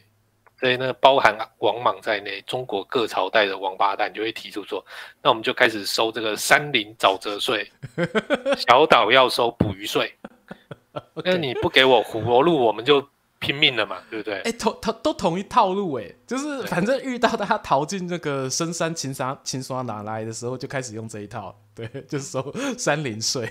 所以呢，包含王莽在內，中國各朝代的王八蛋就會提出說：那我們就開始收這個山林沼澤稅， 小島要收捕魚稅。那、 okay. 你不給我活路， 我們就。拼命的嘛，對不對？哎、欸，同都，都，都同一套路哎，就是反正遇到他逃進這個深山秦山秦刷拿來的時候，就開始用這一套。對，就是說山林稅。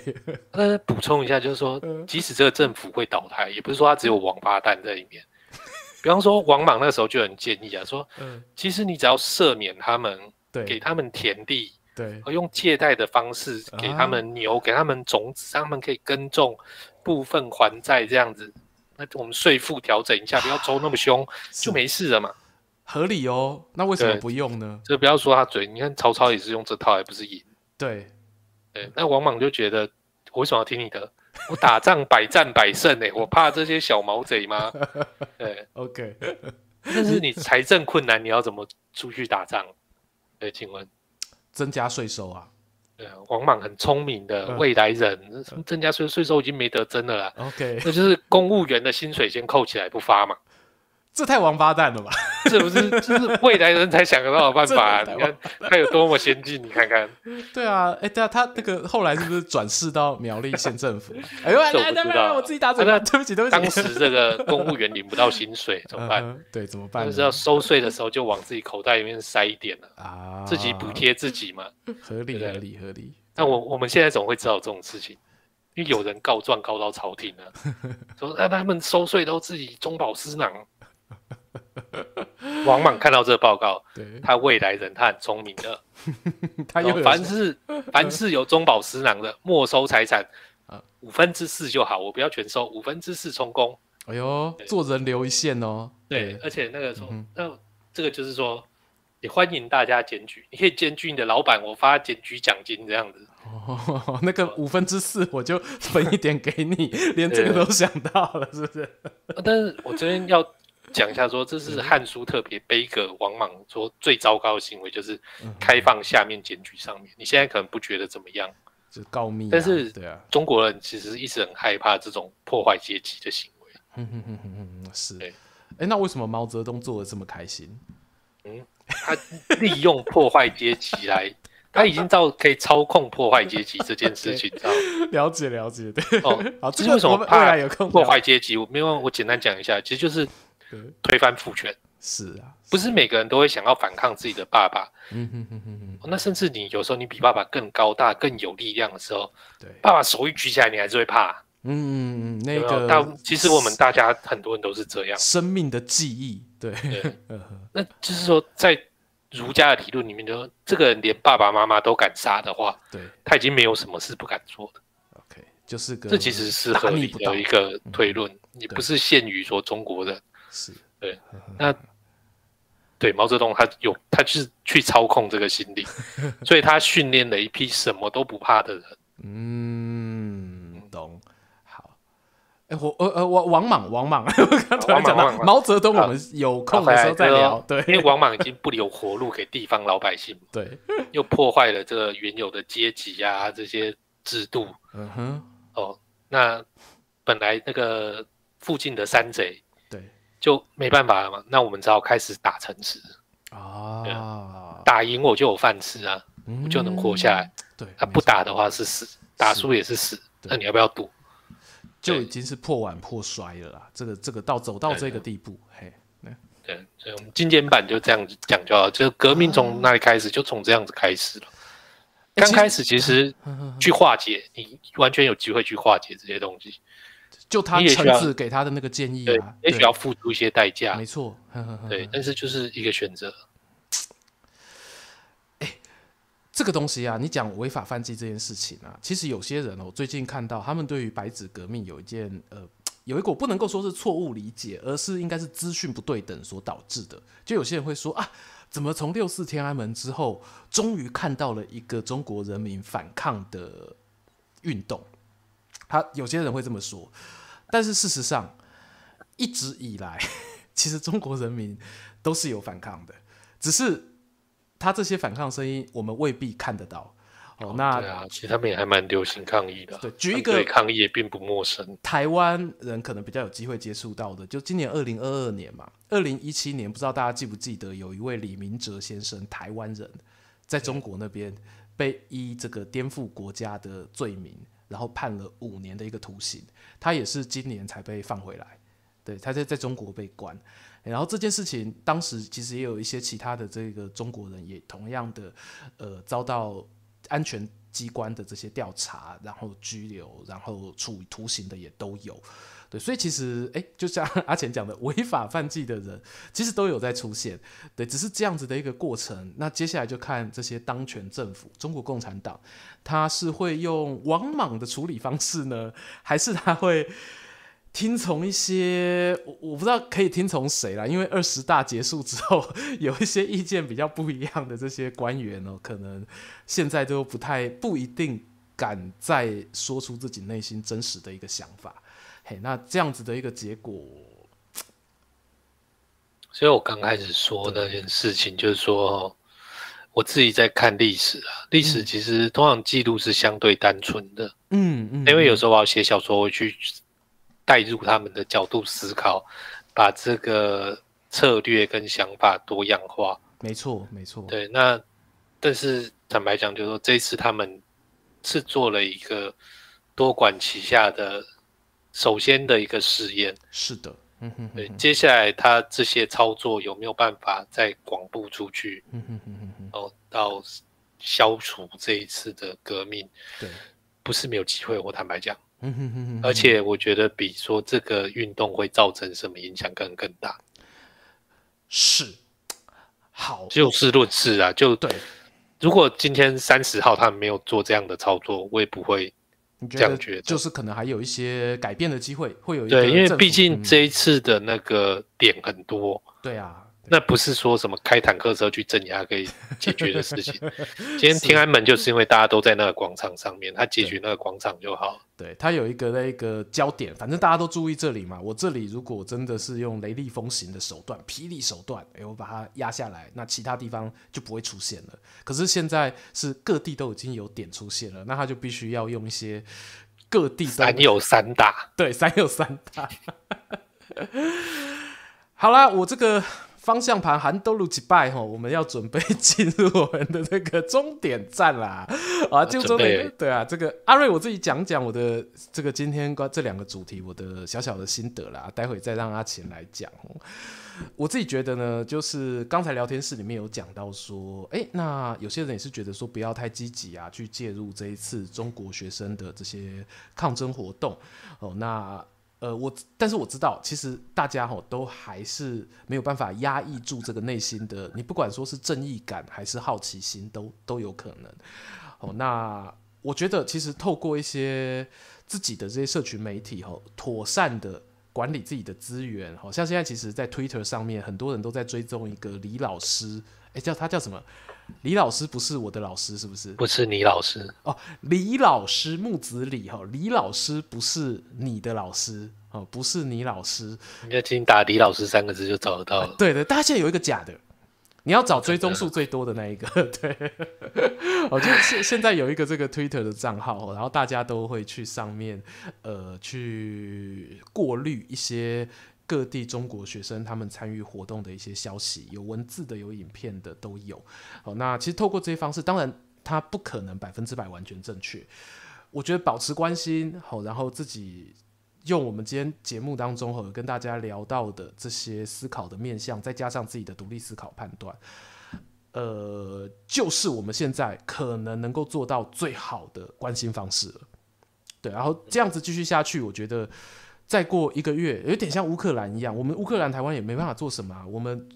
那、 啊、補充一下，就是說，即使這個政府會倒台，嗯、也不是說他只有王八蛋在裡面。 比方說，王莽那時候就很建議啊，說，嗯、其實你只要赦免他們，給他們田地，對，用借貸的方式給他們牛、啊，給他們種子，他們可以耕種，部分還債這樣子。那我們稅負調整一下，不要抽那麼兇， 就沒事了嘛，合理哦。那為什麼不用呢？就不要說他嘴，你看曹操也是用這套，還不是贏？對，對。那王莽就覺得，我為什麼要聽你的？ 我打仗百戰百勝呢、欸，我怕這些小毛賊嗎？ 對，OK。 但是你財政困難，你要怎麼出去打仗？哎，請問，增加稅收啊？嗯、王莽很聰明的未來人，嗯、增加稅稅收已經沒得增了啦。OK，那就是公務員的薪水先扣起來不發嘛，這太王八蛋了吧！ 是不是就是未來人才想得到的辦法、啊？ 你看他有多麼先進，你看看。對啊，哎對啊，他那個後來是不是轉世到苗栗縣政府？ 哎呦，來我、哎哎哎哎、我自己打住了、哎、對不起，對不起。當時這個公務員領不到薪水，怎麼辦？嗯、對，怎麼辦？就是要收稅的時候就往自己口袋裡面塞一點了啊，自己補貼自己嘛，合理合理合理。那我我們現在怎麼會知道這種事情？因為有人告狀告到朝廷呢， 說那、啊、他們收稅都自己中飽私囊。王 莽看到這個報告對，他未來人他很聰明的。 他有凡是 凡是有中飽私囊的， 沒收財產、啊、五分之四就好，我不要全收，五分之四充公。哎呦，做人留一線哦對。對，而且那個時候，嗯、那這個就是說，也歡迎大家檢舉，你可以檢舉你的老闆，我發檢舉獎金這樣子、哦。那個五分之四我就分一點給你， 連這個都想到了， 是不是？但是我這邊要。講一下說，說這是漢《漢書》特別悲歌。王莽說最糟糕的行為就是開放下面檢舉上面，嗯。你現在可能不覺得怎麼樣，是告密，啊。但是對啊，中國人其實一直很害怕這種破壞階級的行為。嗯哼哼哼哼，是。哎、欸，那為什麼毛澤東做的這麼開心？嗯，他利用破壞階級來， 他已經到可以操控破壞階級這件事情。 okay, 了解了解，對。哦、嗯，好，這就是為什麼未來有空破壞階級？我因為我簡單講一下，其實就是。推翻父權是，、啊、是啊，不是每個人都會想要反抗自己的爸爸。嗯、 哦、那甚至你有時候你比爸爸更高大更有力量的時候，對，爸爸手一舉起來，你還是會怕。嗯嗯嗯，那個，但其實我們大家很多人都是這樣。生命的記憶，對，對 那就是說，在儒家的理論裡面就是說，說這個人連爸爸媽媽都敢殺的話，對，他已經沒有什麼事不敢做的。OK，就是這其實是合理的。一個推論，也、嗯、不是限於說中國的。是對，嗯、那對毛澤東，他有，他就是去操控這個心理， 所以他訓練了一批什麼都不怕的人。 嗯，懂。好，哎、欸，我呃呃，王王莽，王莽， 我剛才講、啊、毛澤東，我們有空再說、啊、再聊、啊。對，因為王莽已經不留活路給地方老百姓， 對，又破壞了這個原有的階級啊，這些制度。嗯哼，哦，那本來那個附近的山賊。就沒辦法了嘛。那我們只好開始打城池，哦，打贏我就有飯吃啊，嗯，我就能活下來。對，他，啊，不打的話是死，是打輸也是死。那你要不要賭？就已經是破碗破摔了啦。這個這個到走到這個地步，對對對嘿對，對，所以我們精簡版就這樣子講就好。就革命從那裡開始，就從這樣子開始了。剛，嗯，開始其實去化解，欸，你完全有機會去化解這些東西。就他層次給他的那個建議啊也需，也許要付出一些代價。沒錯，對呵呵呵，但是就是一個選擇。哎，這個東西啊，你講違法犯罪這件事情啊，其實有些人哦，我最近看到他們對於白紙革命有一件呃，有一個我不能夠說是錯誤理解，而是應該是資訊不對等所導致的。就有些人會說啊，怎麼從六四天安門之後，終於看到了一個中國人民反抗的運動？他、啊、有些人會這麼說。但是事實上，一直以來，其實中國人民都是有反抗的，只是他這些反抗聲音，我們未必看得到。哦，那、啊、其實他們也還蠻流行抗議的。對，舉一個對，抗議也並不陌生。台灣人可能比較有機會接觸到的，就今年二零二二年嘛，二零一七年，不知道大家記不記得，有一位李明哲先生，台灣人，在中國那邊被依這個顛覆國家的罪名。然後判了五年的一個徒刑，他也是今年才被放回來。對，他在在中國被關，然後這件事情當時其實也有一些其他的這個中國人也同樣的，呃，遭到安全機關的這些調查，然後拘留，然後處於徒刑的也都有。對，所以其實哎、欸，就像阿錢講的，違法犯紀的人其實都有在出現。對，只是這樣子的一個過程。那接下來就看這些當權政府，中國共產黨，他是會用王莽的處理方式呢，還是他會聽從一些我，我不知道可以聽從誰啦？因為二十大結束之後，有一些意見比較不一樣的這些官員哦、喔，可能現在都不太不一定敢再說出自己內心真實的一個想法。Hey, 那這樣子的一個結果，所以我剛開始說的那件事情，就是說，我自己在看歷史啊，歷史其實通常記錄是相對單純的，嗯嗯，因為有時候我要寫小說我會去帶入他們的角度思考，把這個策略跟想法多樣化，沒錯沒錯，對，那但是坦白講，就是說，這一次他們是做了一個多管齊下的。首先的一個試驗是的，嗯哼哼，對，接下來他這些操作有沒有辦法再廣布出去？嗯哼哼哼，哦，到消除這一次的革命，對，不是沒有機會。我坦白講，嗯哼哼哼哼，而且我覺得比說這個運動會造成什麼影響更更大，是，好，就事論事啊，就對。如果今天三十號他們沒有做這樣的操作，我也不會。你覺得就是可能還有一些改變的機會，會有一個，對，因為畢竟這一次的那個點很多。嗯，對啊。那不是說什麼開坦克車去鎮壓可以解決的事情。今天天安門就是因為大家都在那個廣場上面，他解決那個廣場就好。 對，對，對他有一個那個焦點，反正大家都注意這裡嘛。我這裡如果真的是用雷厲風行的手段、霹靂手段，誒，我把它壓下來，那其他地方就不會出現了。可是現在是各地都已經有點出現了，那他就必須要用一些各地的三有三大，對，三有三大。 好啦，我這個。方向盤含兜路幾拜，吼、哦，我們要準備進入我們的這個終點站啦！啊，就、啊、準備，對啊，這個阿、啊、瑞，我自己講講我的這個今天關這兩個主題，我的小小的心得啦，待會再讓阿琴來講、哦。我自己覺得呢，就是剛才聊天室裡面有講到說，哎、欸，那有些人也是覺得說不要太積極啊，去介入這一次中國學生的這些抗爭活動哦，那。呃，我但是我知道，其實大家吼，都還是沒有辦法壓抑住這個內心的，你不管說是正義感還是好奇心，都都有可能。哦，那我覺得其實透過一些自己的這些社群媒體吼，妥善的管理自己的資源，好像現在其實，在 Twitter 上面很多人都在追蹤一個李老師，誒、欸，叫他叫什麼？李老師不是我的老師，是不是？不是李老師哦，李老師木子李哈，哦，李老師不是你的老師哦，不是你老師。你要聽打“李老師”三個字就找得到了啊。對對，大家現在有一個假的，你要找追蹤數最多的那一個。對，我， 哦，就現現在有一個這個 Twitter 的賬號， 然後大家都會去上面呃去過濾一些。各地中國學生他們參與活動的一些消息，有文字的，有影片的都有。好，那其實透過這些方式，當然它不可能百分之百完全正確。我覺得保持關心，好，然後自己用我們今天節目當中，和跟大家聊到的這些思考的面向，再加上自己的獨立思考判斷，呃，就是我們現在可能能夠做到最好的關心方式了。對，然後這樣子繼續下去，我覺得。再過一個月，有點像烏克蘭一樣，我們烏克蘭、台灣也沒辦法做什麼啊，我們。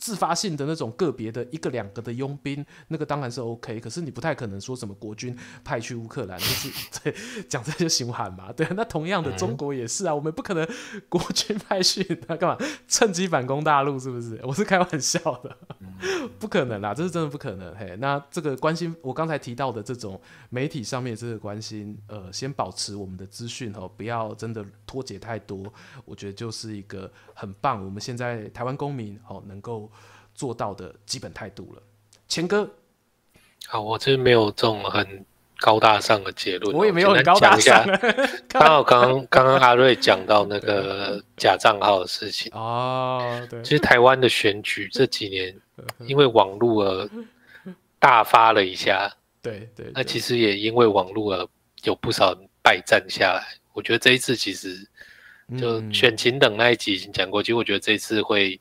自發性的那種個別的一個兩個的傭兵，那個當然是 OK，可是你不太可能說什麼國軍派去烏克蘭，就是 對講這些行話嘛，對，那同樣的、嗯、中國也是啊，我們不可能國軍派去他幹、啊、嘛？趁機反攻大陸是不是？我是開玩笑的，嗯、 不可能啦，這是真的不可能嘿。那這個關心我剛才提到的這種媒體上面這個關心，呃，先保持我們的資訊哦，不要真的脫節太多，我覺得就是一個很棒。我們現在台灣公民哦，能夠。做到的基本態度了。錢哥，好，我這沒有這種很高大上的結論，哦，我也沒有很高大上。剛好剛剛剛阿瑞講到那個假賬號的事情。對對對對，其實台灣的選舉這幾年因為網路而大發了一下， 對對、對，那其實也因為網路而有不少人敗戰下來。我覺得這一次其實就選情等那一集已經講過，嗯，其實我覺得這一次會。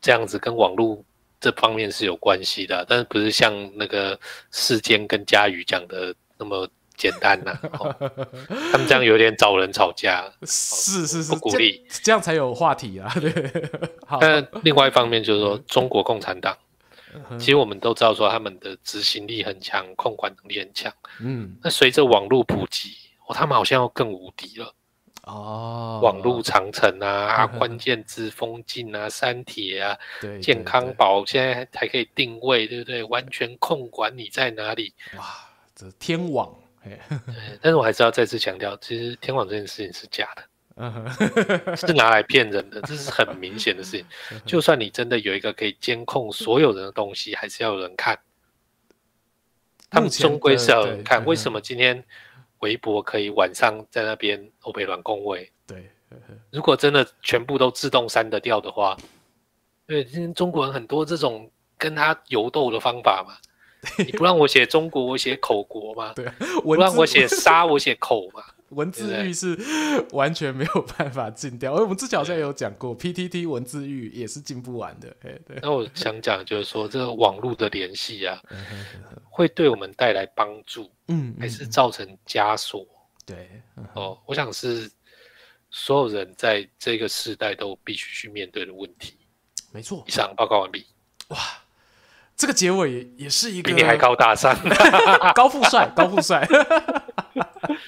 這樣子跟網絡這方面是有關係的，但是不是像那個世間跟家瑜講的那麼簡單呢、啊？哦、 他們這樣有點找人吵架， 哦、是是是，不鼓勵，這樣才有話題啊。對。 但另外一方面就是說，中國共產黨、 嗯，其實我們都知道說他們的執行力很強，控管能力很強。嗯。那隨着網絡普及，哦，他們好像要更無敵了。哦、oh，網路長城啊， 啊，關鍵字封禁啊，刪帖啊， 健康寶現在還可以定位，對不對？完全控管你在哪裡。哇，這是天網。 但是，我還是要再次強調，其實天網這件事情是假的， 是拿來騙人的，這是很明顯的事情。 就算你真的有一個可以監控所有人的東西， 還是要有人看。他們終歸是要有人看， 為什麼今天？微博可以晚上在那邊歐北軟工位。對，如果真的全部都自動刪得掉的話，對，因為中國人很多這種跟他游鬥的方法嘛，你不讓我寫中國， 我寫口國嘛？對，不讓我寫殺，我寫口嘛？ 對對，文字獄是完全沒有辦法禁掉。哦。我們之前好像有講過 ，PTT 文字獄也是禁不完的。對。那我想講就是說， 這個網絡的聯繫啊， 會對我們帶來幫助。嗯，嗯，還是造成枷鎖。對，嗯，哦，我想是所有人在這個時代都必須去面對的問題。沒錯。以上報告完畢。哇，這個結尾也是一個比你還高大上， 高富帥，高富帥。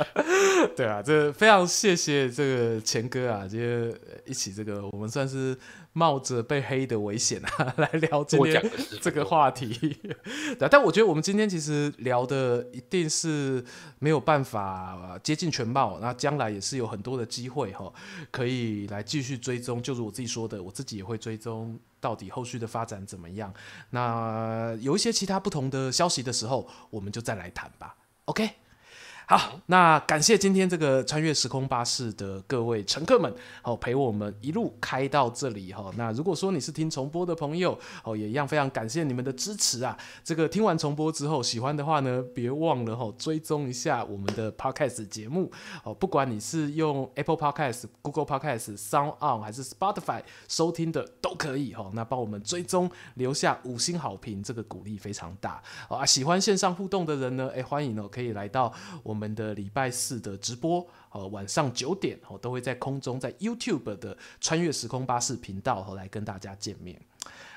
對啊，這非常謝謝這個錢哥啊，這些一起這個，我們算是冒着被黑的危險啊，來聊這個這個話題。 對，但我覺得我們今天其實聊的一定是沒有辦法、啊、接近全貌，那將來也是有很多的機會哈、喔，可以來繼續追蹤。就是我自己說的，我自己也會追蹤到底後續的發展怎麼樣。那有一些其他不同的消息的時候，我們就再來談吧。OK。好，那感謝今天這個穿越時空巴士的各位乘客們，哦、喔、陪我們一路開到這裡哈、喔。那如果說你是聽重播的朋友，哦、喔、也一樣非常感謝你們的支持啊。這個聽完重播之後，喜歡的話呢，別忘了哦、喔、追蹤一下我們的 Podcast 節目哦、喔。不管你是用 Apple Podcast、Google Podcast、SoundOn 還是 Spotify 收聽的都可以哈、喔。那幫我們追蹤，留下五星好評，這個鼓勵非常大、喔、啊。喜歡線上互動的人呢，哎、欸、歡迎哦、喔，可以來到我們。我們的禮拜四的直播，好，晚上九點，我都會在空中，在 YouTube 的穿越時空巴士頻道，和來跟大家見面。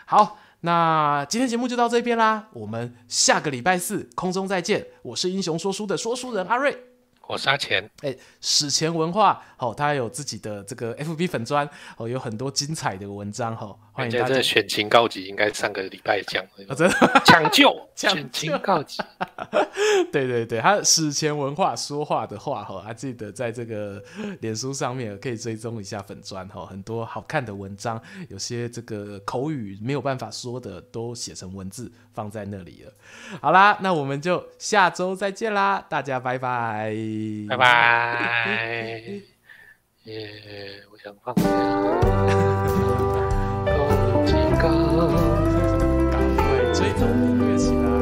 好，那今天節目就到這邊啦，我們下個禮拜四空中再見，我是英雄說書的說書人阿瑞。我殺錢哎，欸，史前文化哦，他有自己的這個 FB 粉專哦，有很多精彩的文章哈，哦，歡迎大家。家選情告急，應該上個禮拜講，啊、的，真搶救，救選情告急， 對對對，他史前文化說話的話哈，哦，還記得在這個臉書上面可以追蹤一下粉專哈，哦，很多好看的文章，有些這個口語沒有辦法說的，都寫成文字。放在那裡了。好啦，那我們就下周再見啦，大家拜拜，拜拜。耶， yeah, 我想放假。高及高，趕快追蹤音樂起來。